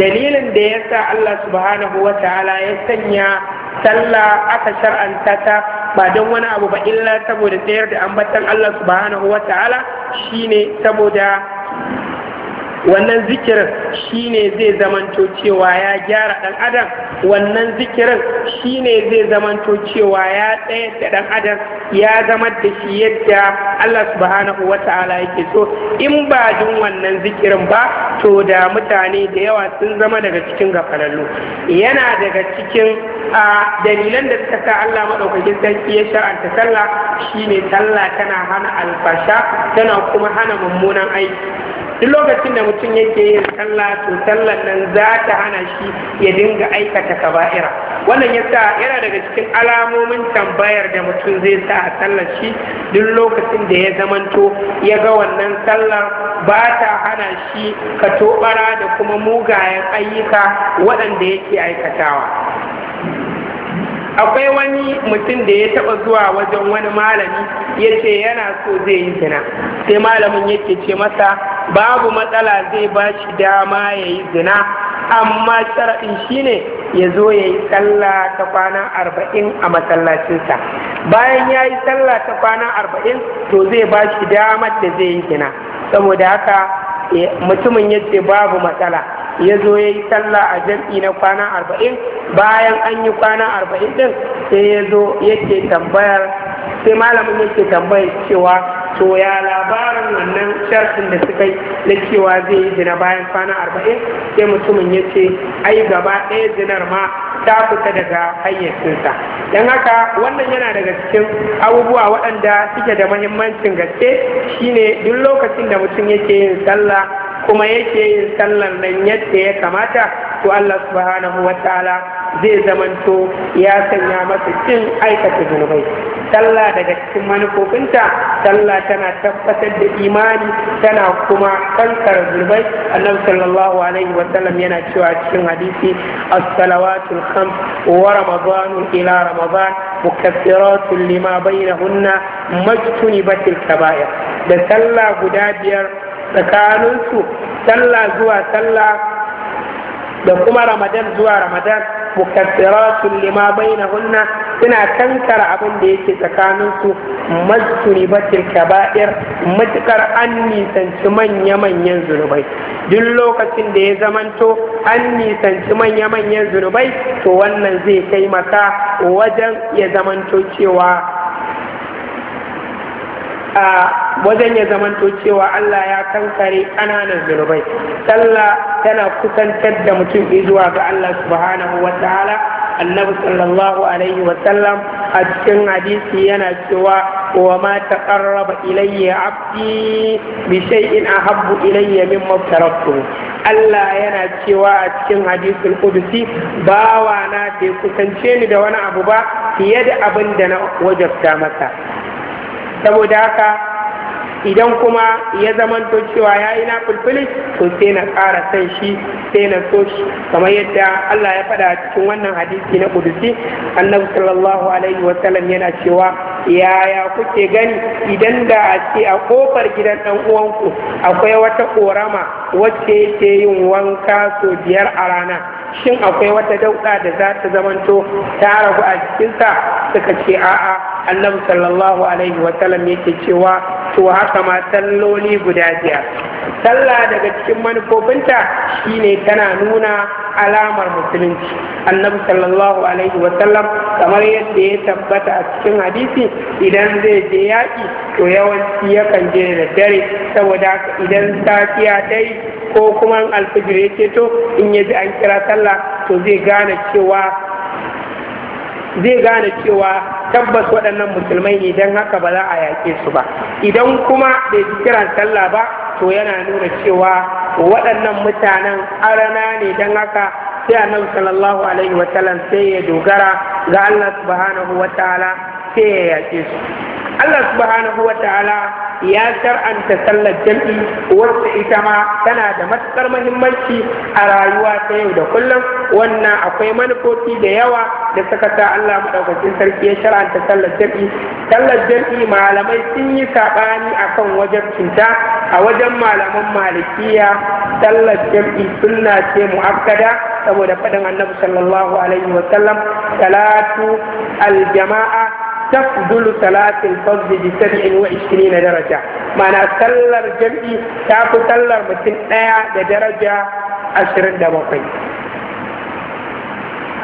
dalilin da ya sa Allah subhanahu wa ta'ala ya sanya sallah aka shar'anta ta ba don wani abu ba illa saboda tsayar da ambatan Allah subhanahu wa ta'ala shine saboda wannan zikirin shine zai zamanto cewa ya gyara ɗan adam wannan zikirin shine zai zamanto cewa ya tsayar da ɗan adam ya zama da shi yadda Allah subhanahu wata'ala yake so in ba jin wannan zikirin ba to da mutane da yawa sun zama daga cikin gafarallu yana daga cikin a dalilan da suka sa Allah maɗaukakin sarki ya sha'anta sallah shine talla tana hana alfasha tana kuma hana mummunan aiki duk lokacin da mutum yake yin sallah to sallar nan za ta hana shi ya dinga aikata kaba'ira wannan ya sa yana daga cikin alamomin tambayar da mutum zai sa a sallar shi duk lokacin da ya zamanto ya ga wannan sallar ba ta hana shi ka toɓara da kuma mugayen ayyuka waɗanda yake aikatawa akwai wani mutum da ya taɓa zuwa wajen wani malami ya ce yana so zai yi zina sai malamin yake ce masa babu matsala zai ba shi dama ya yi zina amma sharaɗin shine ya zo ya yi sallah ta kwana arba'in a masallacinsa bayan ya yi sallah ta kwana arba'in to zai ba shi damar da zai yi zina saboda haka eh, mutumin ya ce babu matsala ya zo ya yi sallah a jam'i na kwana arba'in bayan an yi kwana arba'in ɗin, sai ya zo yake tambayar sai malamin yake tambayar cewa to ya labarin wannan sharhin da suka yi na cewa zai yi zina bayan kwana arba'in sai mutumin ya ce ai gaba ɗaya zinar ma ta fita daga hayyacinsa don haka wannan yana daga cikin abubuwa waɗanda suke da mahimmancin gaske shine duk lokacin da mutum yake yin sallah kuma yake yin sallar nan yadda ya kamata to Allah subhanahu wa ta'ala zai zamanto ya sanya masa cin aikata zunubai sallah daga cikin manufofinta sallah tana tabbatar da imani tana kuma kankar zunubai annabi sallallahu alaihi wa sallam yana cewa cikin hadisi as-salawatul khams wa ramadan ila ramadan mukaffiratun lima bainahunna majtunibatil kaba'ir da sallah guda biyar tsakaninsu sallah zuwa sallah da kuma ramadan zuwa ramadan mukaffiratun lima bainahunna suna kankara abin da yake tsakaninsu mazkuribatil kaba'ir matukar an nisanci manya-manyan zunubai duk lokacin da ya zamanto an nisanci manya-manyan zunubai to wannan zai taimaka wajen ya zamanto cewa a wajen ya zamanto cewa Allah ya kankare ƙananan zunubai sallah tana kusantar da mutum zuwa ga Allah subhanahu wa ta'ala annabi sallallahu alaihi wa sallam a cikin hadisi yana cewa wa ma taqarraba ilayya abdi bi shay'in ahabbu ilayya mimma taraktu Allah yana cewa a cikin hadisul qudsi wa na bai kusance ni da wani abu ba fiye da abin da na wajabta masa saboda haka idan kuma ya zamanto cewa ya yi na fulfili to sai na ƙara san shi sai na so shi kamar yadda Allah ya faɗa cikin wannan hadisi na kudusi annabi sallallahu alaihi sallam yana cewa yaya kuke gani idan da a ce a ƙofar gidan ɗan uwanku akwai wata ƙorama wacce yake yin wanka sau biyar a rana shin akwai wata dauɗa da za ta zamanto ta ragu a jikinsa suka ce a'a annabi sallallahu alaihi sallam yake cewa to haka ma salloli guda biyar sallah daga cikin manufofinta shine tana nuna alamar musulunci annabi sallallahu alaihi sallam kamar yadda ya tabbata a cikin hadisi idan zai je yaƙi to yawanci yakan je da dare saboda idan safiya dai ko kuma alfijir ya ceto in ya ji an kira sallah to zai gane cewa zai gane cewa tabbas waɗannan musulmai ne don haka ba za a yaƙe su ba idan kuma bai ji kiran sallah ba to yana nuna cewa waɗannan mutanen arana ne don haka sai annabi sallallahu alaihi wa sallam sai ya dogara ga Allah subhanahu wa ta'ala sai ya yaƙe su Allah subhanahu wa ta'ala ya shar'anta sallar jam'i wacce ita ma tana da matuƙar muhimmanci a rayuwa ta yau da kullum wannan akwai manufofi da yawa da suka sa Allah madaukakin sarki ya shar'anta sallar jam'i sallar jam'i malamai sun yi saɓani akan wajen cinta a wajen malaman malikiya sallar jam'i sunna ce mu'akkada saboda faɗin annabi sallallahu alaihi wa sallam salatu aljama'a تفضل صلاة الفرض بسبع وعشرين درجة معنى سلر جمعي تاكو سلر متن ايا درجة عشرين دبقي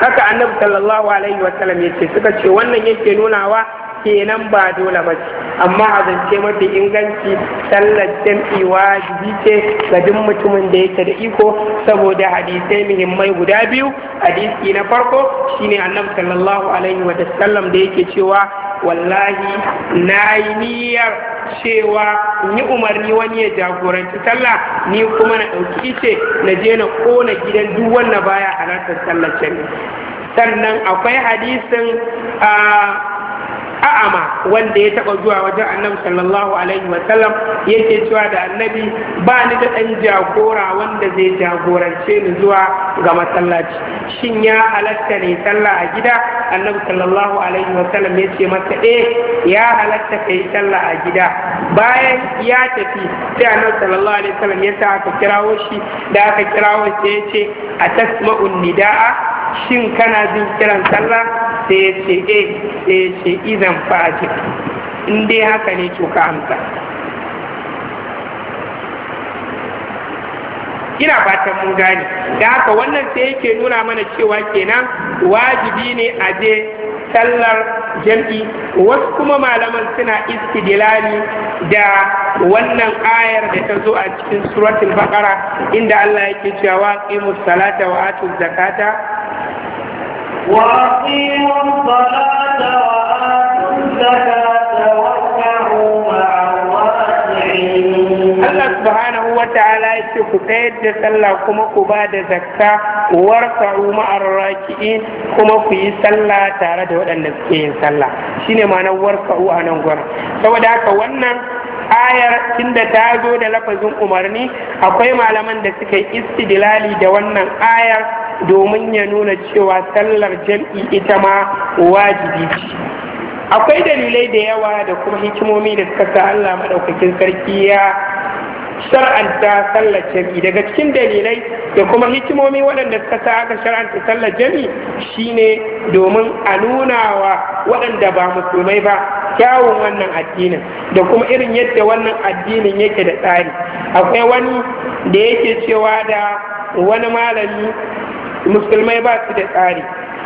haka annabi صلى الله عليه وسلم ce suka ce wannan yake nunawa kenan ba dole ba amma a zance mafi inganci sallar jam'i wajibi ce ga duk mutumin da yake da iko saboda hadisai muhimmai guda biyu hadisi na farko shine annabi sallallahu alaihi wa sallam da yake cewa wallahi yi niyyar cewa ni umarni wani ya jagoranci sallah ni kuma na ɗauki ce na je na kona gidan duk wanda baya halartar sallar jami'i sannan akwai hadisin a ah, a'ama wanda ya taba zuwa wajen annabi sallallahu alaihi wa sallam yake cewa da annabi ba ni da dan jagora wanda zai jagorance ni zuwa ga masallaci shin ya halatta ne sallah a gida annabi sallallahu alaihi wa sallam ya ce masa eh ya halatta kai sallah a gida bayan ya tafi sai annabi sallallahu alaihi wa sallam ya sa aka kirawo shi da aka kirawo shi ya ce a tasma'un nida'a shin kana jin kiran sallah sai ya ce eh sai ya ce idan fajir in dai haka ne to ka amsa ina fatan mun gane da haka wannan sai yake nuna mana cewa kenan wajibi ne a je sallar jam'i wasu kuma malaman suna istidilali da wannan ayar da ta zo a cikin suratul baqara inda Allah yake cewa qimus salata wa atuz zakata وأقيموا الصلاة ku tsayar da sallah kuma ku ba da zakka warka'u ma'ar raki'in kuma ku yi sallah tare da waɗanda suke yin sallah shine ma'anar u a nan gurin saboda haka wannan ayar tunda ta zo da lafazin umarni akwai malaman da suka yi istidlali da wannan ayar domin ya nuna cewa sallar jam'i ita ma wajibi ce akwai dalilai da yawa da kuma hikimomi da suka sa Allah maɗaukakin sarki ya shar'anta sallar jam'i daga cikin dalilai da kuma hikimomi waɗanda suka sa aka shar'anta sallar jam'i shine domin a nuna wa waɗanda ba musulmai ba kyawun wannan addinin da kuma irin yadda wannan addinin yake da tsari akwai wani da yake cewa da wani malami musulmai ba su da tsari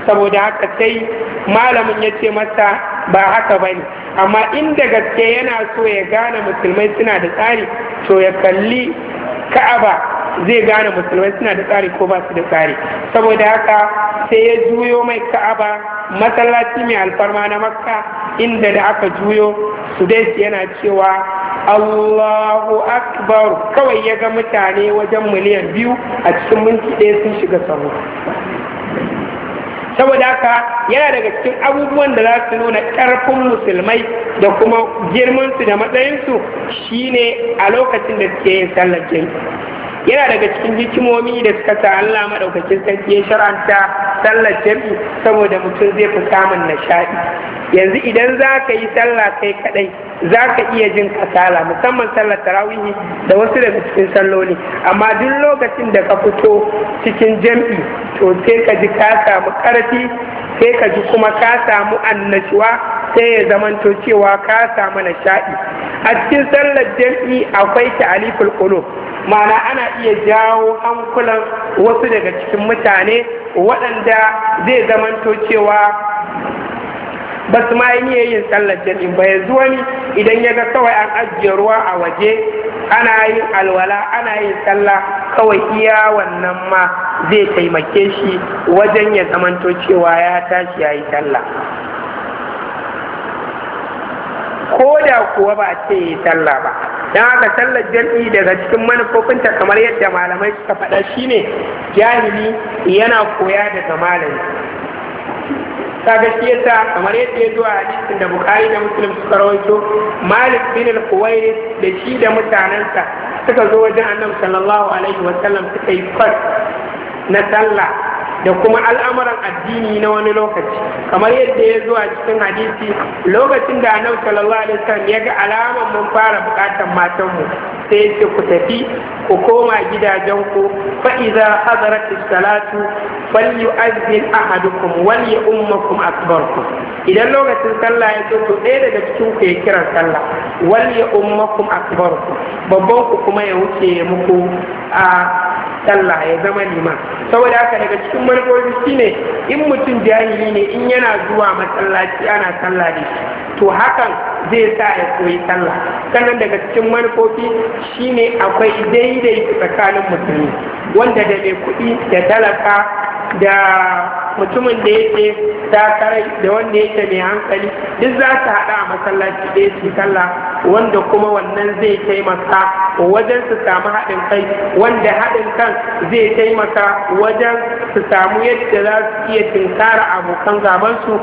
saboda haka sai malamin ya ce masa ba haka ba ne amma inda gaske yana so ya gane musulmai suna da tsari to ya kalli ka'aba zai gane musulmai suna da tsari ko ba su da tsari saboda haka sai ya juyo mai ka'aba masallaci mai alfarma na makka inda da aka juyo su dai yana cewa allahu akbar kawai ya ga mutane wajen miliyan biyu a cikin minti ɗaya sun shiga sahu saboda haka yana daga cikin abubuwan da za su nuna ƙarfin musulmai da kuma girmansu da matsayinsu shine a lokacin da suke yin sallar jami'i yana daga cikin hikimomi da suka sa Allah madaukakin sarki ya shar'anta sallar jam'i, saboda mutum zai fi samun nishaɗi yanzu idan za ka yi sallah kai kadai za ka iya jin kasala musamman sallar tarawihi da wasu daga cikin salloli amma duk lokacin da ka fito cikin jam'i to sai ka ji ka samu karfi sai ka ji kuma ka samu annashuwa sai ya zamanto cewa ka samu nishaɗi a cikin sallar jam'i akwai ta'aliful qulub ma'ana ana iya jawo hankulan wasu daga cikin mutane waɗanda zai zamanto cewa ba su ma yi yin sallar jami'in ba zuwa ni idan ya ga kawai an ajiye ruwa a waje ana yin alwala ana yin sallah kawai iya wannan ma zai taimake shi wajen ya zamanto cewa ya tashi ya yi sallah ko da kuwa ba a ce yi sallah ba dan haka sallar jam'i daga cikin manufofinta kamar yadda malamai suka faɗa shine jahili yana koya daga malami ta shi yasa kamar yadda ya zuwa a hadisin da bukari da muslim suka rawaito malik bin al da shi da mutanensa suka zo wajen annabi sallallahu alaihi wa suka yi fas na sallah da kuma al'amuran addini na wani lokaci kamar yadda ya zuwa cikin hadisi lokacin da annabi sallallahu alaihi wasallam ya ga alaman mun fara bukatan mu sai ya ce ku tafi ku koma gidajenku fa idza hadarat as-salatu falyu'azzin ahadukum wal ya'ummakum akbarukum idan lokacin sallah ya zo to ɗaya daga cikin ku ya kira sallah wal ya'ummakum akbarukum babban ku kuma ya wuce muku a sallah ya zama liman saboda haka daga cikin shi shine in mutum jahili ne in yana zuwa masallaci ana sallah da shi to hakan zai sa ya koyi sallah sannan daga cikin manufofi shine akwai daidai tsakanin musulmi wanda da mai kuɗi da talaka da mutumin da yake takarai da wanda yake mai hankali duk za su haɗa a masallaci ɗaya su sallah wanda kuma wannan zai taimaka wajen su samu haɗin kai wanda haɗin kan zai taimaka wajen su samu yadda za su iya tinkara abokan gabansu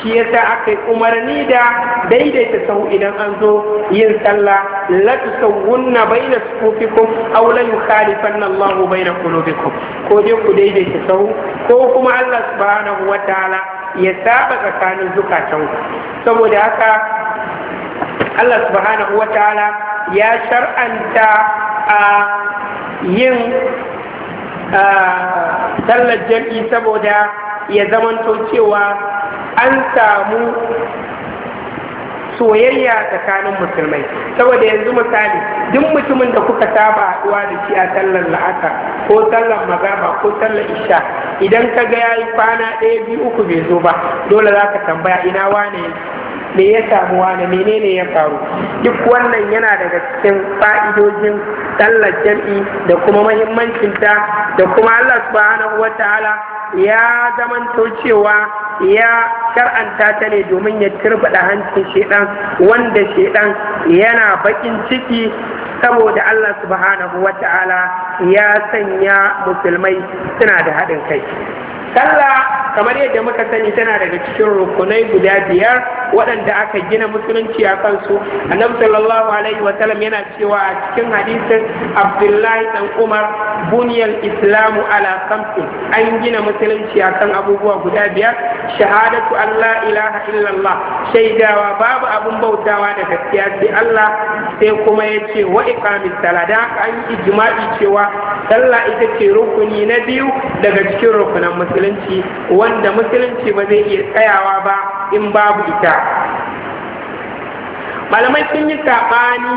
shi yasa aka yi umarni da daidaita sahu idan an zo yin sallah la tusawwunna baina sufufikum aw la yukhalifanna Allahu baina qulubikum ko dai ku dai sahu ko kuma Allah subhanahu wataala ya saba tsakanin ku. saboda haka Allah subhanahu wataala ya shar'anta a yin sallar jam'i saboda ya zamanto cewa an samu soyayya tsakanin musulmai saboda yanzu misali duk mutumin da kuka saba haɗuwa da shi a sallar la'asa ko sallar magaba ko sallar isha idan ka ga yayi kwana ɗaya biyu uku bai zo ba dole za ka tambaya ina wane me ya samu wane menene ya faru duk wannan yana daga cikin fa'idojin sallar jam'i da kuma mahimmancinta da kuma Allah subhanahu wa ta'ala ya zamanto cewa ya kar'anta ta ne domin ya turbada hancin shedan wanda shedan yana bakin ciki saboda Allah subhanahu wa ta'ala ya sanya musulmai suna da haɗin kai sallah kamar yadda muka sani tana daga cikin rukunai guda biyar waɗanda aka gina musulunci a kansu annabi sallallahu alaihi wa sallam yana cewa a cikin hadisin abdullahi dan umar buniyal islamu ala kamsin an gina musulunci a kan abubuwa guda biyar shahadatu allah ilaha illallah shaidawa babu abun bautawa da gaskiya sai allah sai kuma ya ce iqamis talada da an ijma'i cewa sallah ita ce rukuni na biyu daga cikin rukunan musulunci wanda musulunci ba zai iya tsayawa ba in babu ita malamai sun yi saɓani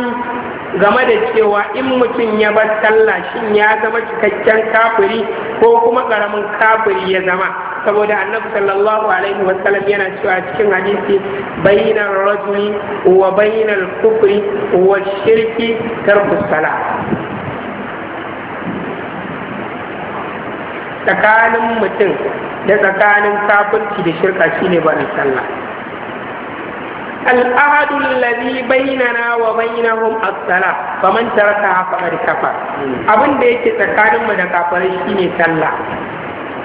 game da cewa in mutum ya bar sallah shin ya zama cikakken kafiri ko kuma karamin kafiri ya zama saboda annabi sallallahu alaihi wasallam yana cewa cikin hadisi bainar rajuli wa bainal kufri wa shirki tarku sallah tsakanin mutum da tsakanin kafirci da shirka shine barin sallah na الذي Asala ba الصلاة فمن تركها فقد كفر abin da yake tsakanin mu da shi ne sallah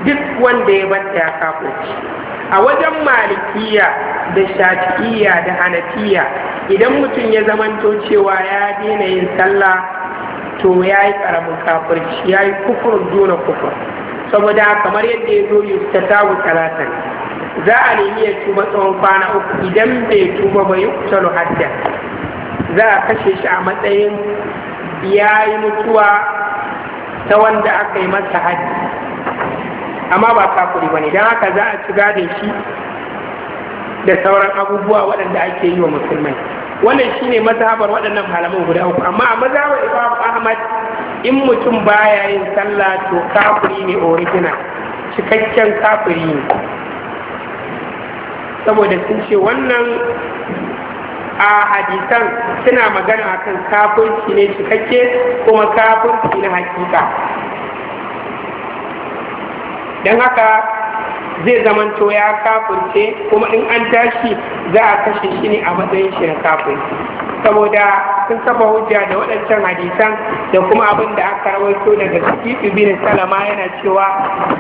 duk wanda ya banta ya shi. a wajen malikiya da shafi'iya da hanafiya idan mutum ya zamanto cewa ya daina yin sallah to ya yi karamin shi ya yi kufurin duna kufur saboda kamar yadda ya zo yi ta tawu talatan za a nemi ya tuba tsawon kwana uku idan bai tuba ba yi kusalu hadda za a kashe shi a matsayin ya yi mutuwa ta wanda aka yi masa hajji amma ba kafuri ba ne don haka za a ci gadon shi da sauran abubuwa waɗanda ake yi wa musulmai wannan shi ne mazhabar waɗannan malaman guda uku amma a mazhabar imam ahmad in mutum baya yin sallah to kafuri ne original cikakken kafuri. ne saboda sun ce wannan a hadisan suna magana akan kafirci ne cikakke kuma kafirci na hakika don haka zai zamanto ya kafirce kuma in an tashi za a kashe shi ne a matsayin shi na kafirce saboda sun saba hujja da waɗancan hadisan da kuma abin da aka rawaito daga sikifi bin salama yana cewa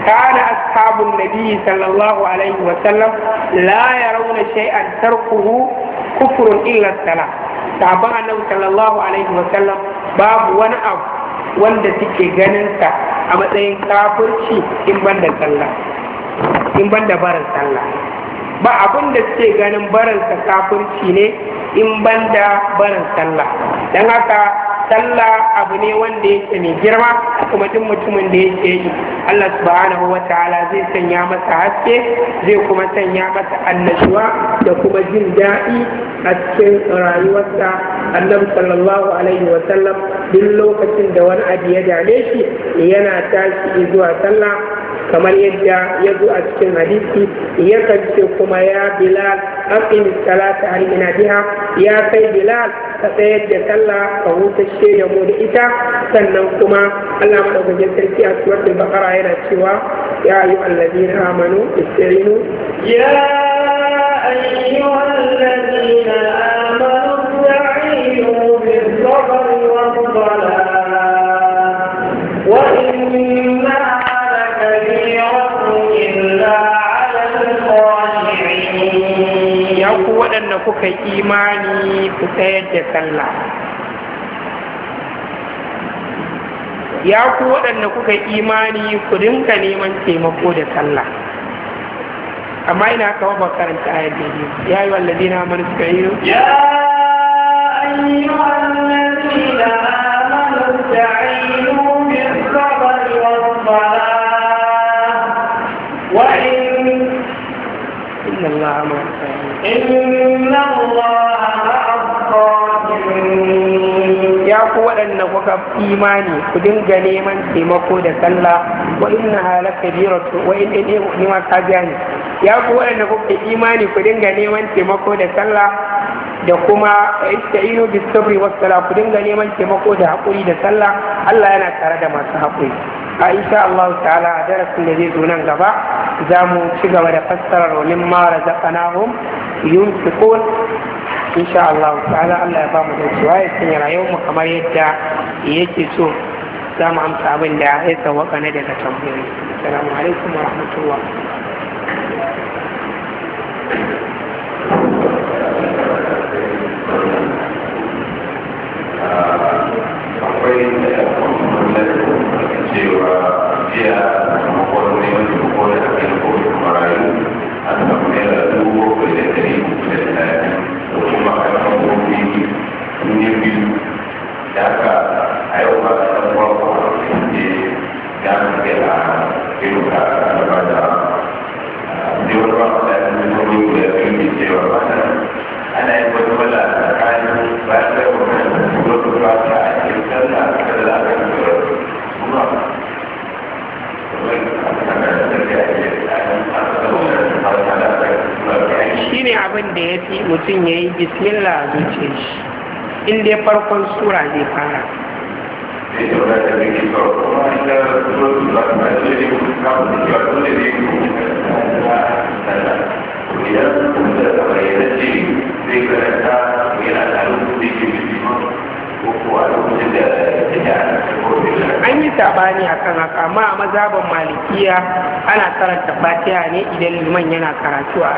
kana ashabun nabiyyi sallallahu alaihi wa sallam la yarawna shay'an tarkuhu kufrun illa salah sahabban annabi sallallahu alaihi wa sallam babu wani abu wanda suke ganin sa a matsayin kafirci in banda sallah in ban da barin sallah ba abin da suke ganin barin sa ne in ban da barin sallah don haka sallah abu ne wanda yake mai girma kuma duk mutumin da yake yi Allah subhanahu wa ta'ala zai sanya masa haske zai kuma sanya masa annashuwa da kuma jin daɗi a cikin rayuwarsa annabi sallallahu alaihi wa sallam duk lokacin da wani abu ya dame shi yana tashi zuwa sallah kamar yadda ya zo a cikin hadisi ya kance kuma ya bilal aqim salata al biha ya kai bilal ka tsaye da sallah ka huta shi da mu da ita sannan kuma Allah madaukakin sarki a suratul baqara yana cewa ya ayu ladina amanu istainu ya ayyuhal ladina amanu ta'inu bis sabri salah kuka imani ku tsayar da sallah ya ku waɗanda kuka imani ku dinka neman taimako da sallah amma ina kawo ba karanta ayar da yi ya yi wallazi na mani suka yi ya ayyuhan ladina amanu kuka imani ku dinga neman taimako da sallah wa inna hala kabiratu wa in in ni ma ka kabiyani ya ku wanda kuka imani ku dinga neman taimako da sallah da kuma ista'inu bis sabri was sala ku dinga neman taimako da hakuri da sallah Allah yana tare da masu hakuri a insha Allah ta'ala a darasin da zai zo nan gaba za mu ci gaba da fassarar wa mimma razaqnahum yunfiqun insha Allah ta'ala Allah ya ba mu dacewa ya sanya rayuwar mu kamar yadda yake so za mu amsa abin da ya sawaka na daga tambayoyi assalamu alaikum wa rahmatullah farkon sura zai fara an yi sabani a kan haka amma a mazaban malikiya ana karanta fatiha ne idan liman yana karatu a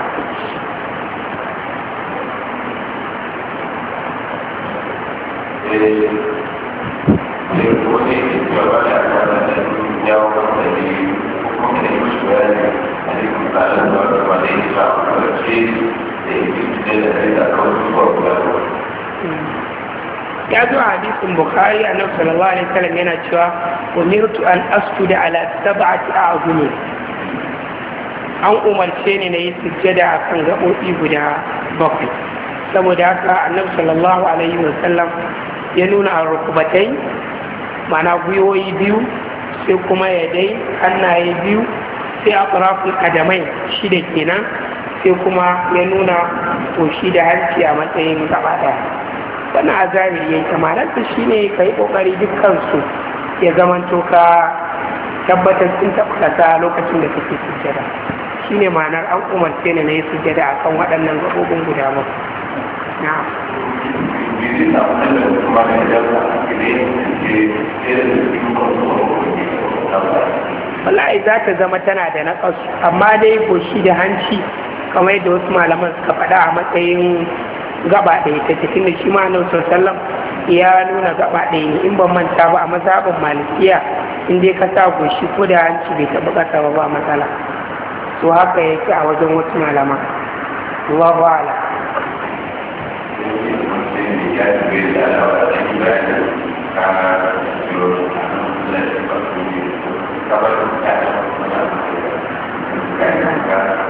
a nan sallallahu alaihi wasallam yana cewa umirtu an da ala sab'ati a'zumi an umarce ni na yi sujjada a kan gaɓoɓi guda bakwai saboda haka annabi sallallahu alaihi wasallam ya nuna a rukubatai mana gwiwoyi biyu sai kuma ya dai hannaye biyu sai a ƙarafin adamai shida kenan sai kuma ya nuna koshi da hanci a matsayin gaba ɗaya wannan a zahiri yake malarta ne ka yi kokari dukkansu ya zama ka tabbatar sun tabbata lokacin da suke sujjada shine ma'anar an umarce ne na yi sujjada a kan waɗannan gaɓoɓin guda ba na wallahi za ta zama tana da naƙasu amma dai goshi da hanci kamar yadda wasu malaman suka faɗa a matsayin gaba da ita cikin da shi ma nan sallam ya nuna gaba ɗaya ne in ban manta ba a mazhabin malikiya in dai ka sa goshi ko da hanci bai taɓa ƙasa ba ba matsala to haka yake a wajen wasu malama Allahu a'lam Thank you.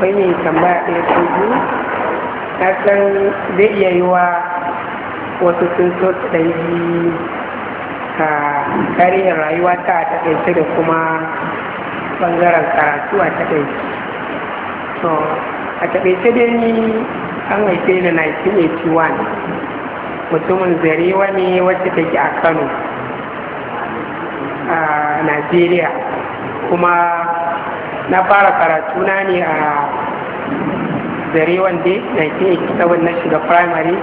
akwai mai tambaya ɗaya ko biyu na san zai iya yi wa wasu sun so su ɗan yi tarihin rayuwa ta a taƙaice da kuma ɓangaren karatu a taƙaice to a taƙaice dai ni an haife da 1981 mutumin zarewa ne wacce take a kano a najeriya kuma na fara karatuna ne a dare wanda ya ke kita wannan shiga primary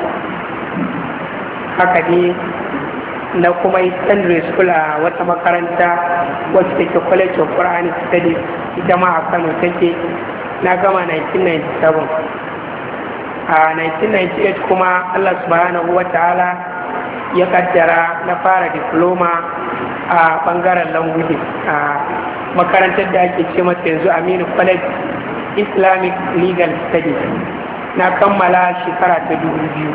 haka ne na kuma yi secondary school a wata makaranta wacce ta ke college of Quranic studies ita ma a Kano ta ke, na gama 1997 a 1998 kuma Allah subhanahu wa ta'ala ya kaddara na fara diploma a bangaren languages a makarantar da ake ce mata yanzu Aminu College islamic legal studies na kammala shekara ta dubu biyu.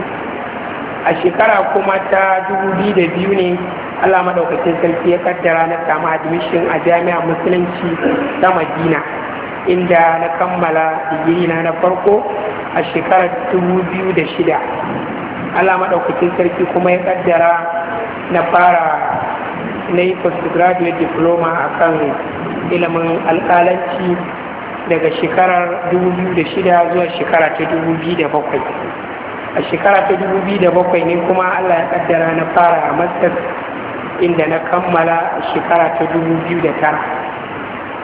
a shekara kuma ta dubu biyu da biyu ne allah maɗaukacin sarki ya kaddara na samu admission a jami'a musulunci ta madina inda na kammala digiri na na farko a shekarar shida. allah maɗaukacin sarki kuma ya kaddara na fara na yi postgraduate diploma a kan ilimin alƙalanci daga shekarar 2006 zuwa shekara ta 2007 a shekara ta 2007 ne kuma allah ya kaddara na fara a masters inda na kammala a shekara ta 2009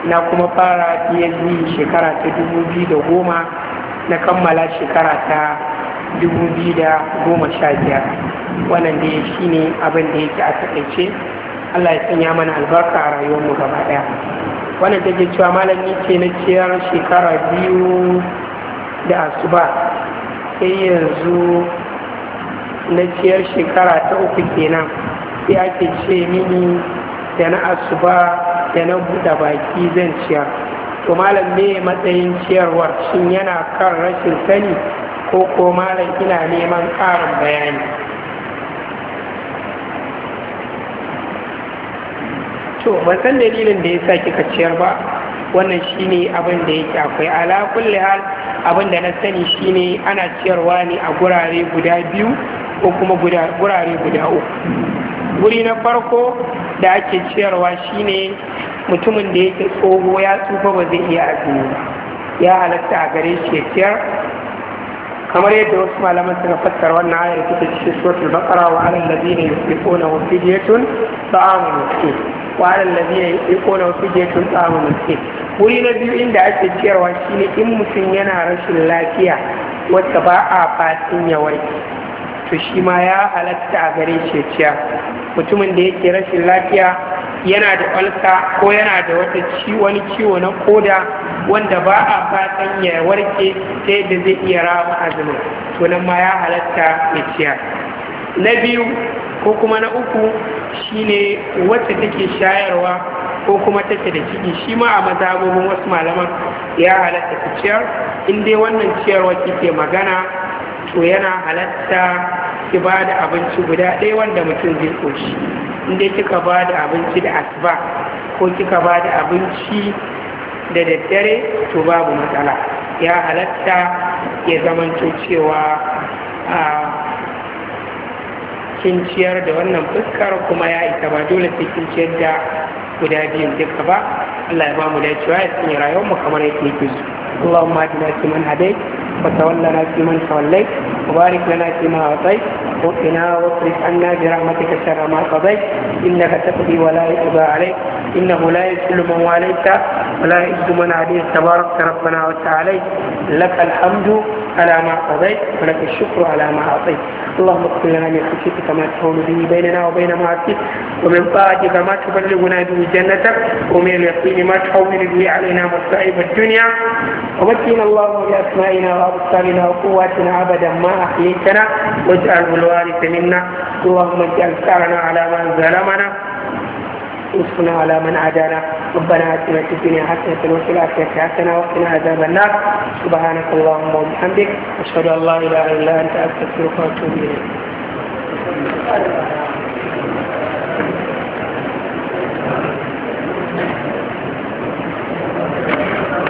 na kuma fara psd shekara ta 2010 na kammala shekara ta 2015 wannan da shi ne abin da yake a takaice allah ya sanya mana albarka a rayuwarmu gaba daya wannan take cewa malami ce na ciyar shekara biyu da asuba sai yanzu na ciyar shekara ta uku kenan sai ake ce mini da na asuba da na buɗe baki zan ciyar to malam me matsayin ciyarwar shin yana kan rashin sani ko ko malam ina neman ƙarin bayani to ban san dalilin da ya sa kika ciyar ba wannan shine abin da yake akwai ala kulli hal abin da na sani shine ana ciyarwa ne a gurare guda biyu ko kuma gurare guda uku guri na farko da ake ciyarwa shine mutumin da yake tsoho ya tsufa ba zai iya azumi ya halatta a gare shi ya ciyar kamar yadda wasu malaman suka fassara wannan ayar kuka cikin suratul baqara wa alal ladina yunfiquna fidyatun ta'amun wahalar da zai yi kona fije tun samun muske wuri na biyu inda ake ciyarwa shine in mutum yana rashin lafiya wacce ba a fatin ya warke to shi ma ya halatta a gare shi ciya mutumin da yake rashin lafiya yana da ƙwalsa ko yana da wata wani ciwo na koda wanda ba a fatan ya warke ta yadda zai iya rama azumin to nan ma ya halatta ya ciya na biyu ko kuma na uku shine wacce take shayarwa ko kuma take da ciki shi ma a mazabobin wasu malaman ya halatta ta ciyar in wannan ciyarwa kike magana to yana halatta ki ba da abinci guda ɗaya wanda mutum zai ƙoshi in kika ba da abinci da asuba ko kika ba da abinci da daddare to babu matsala ya halatta ya zamanto cewa ah, kin ciyar da wannan fuskar kuma ya isa ba dole sai kin ciyar da guda biyun duka ba Allah ya ba mu dacewa ya sanya rayuwar mu kamar yake yake Allahumma fi man hadayt وتولنا فيمن توليت وبارك لنا فيما أعطيت وقنا واصرف عنا برحمتك شر ما قضيت إنك تقضي ولا يقضى عليك إنه لا يسل من واليت ولا يعز من عليك تبارك ربنا وتعالى لك الحمد على ما قضيت ولك الشكر على ما أعطيت اللهم اغفر لنا من خشيتك ما تحول به بيننا وبين معاصيك ومن طاعتك ما تبلغنا به جنتك ومن اليقين ما تحول به علينا مصائب الدنيا ومكن الله بأسمائنا وابصر لنا أبدا ما أحييتنا واجعل الوارث منا اللهم اجعل ثارنا على من ظلمنا انصرنا على من عادانا ربنا اتنا في الدنيا حسنه وفي الاخره حسنه وقنا عذاب النار سبحانك اللهم وبحمدك اشهد ان لا اله الا انت استغفرك واتوب اليك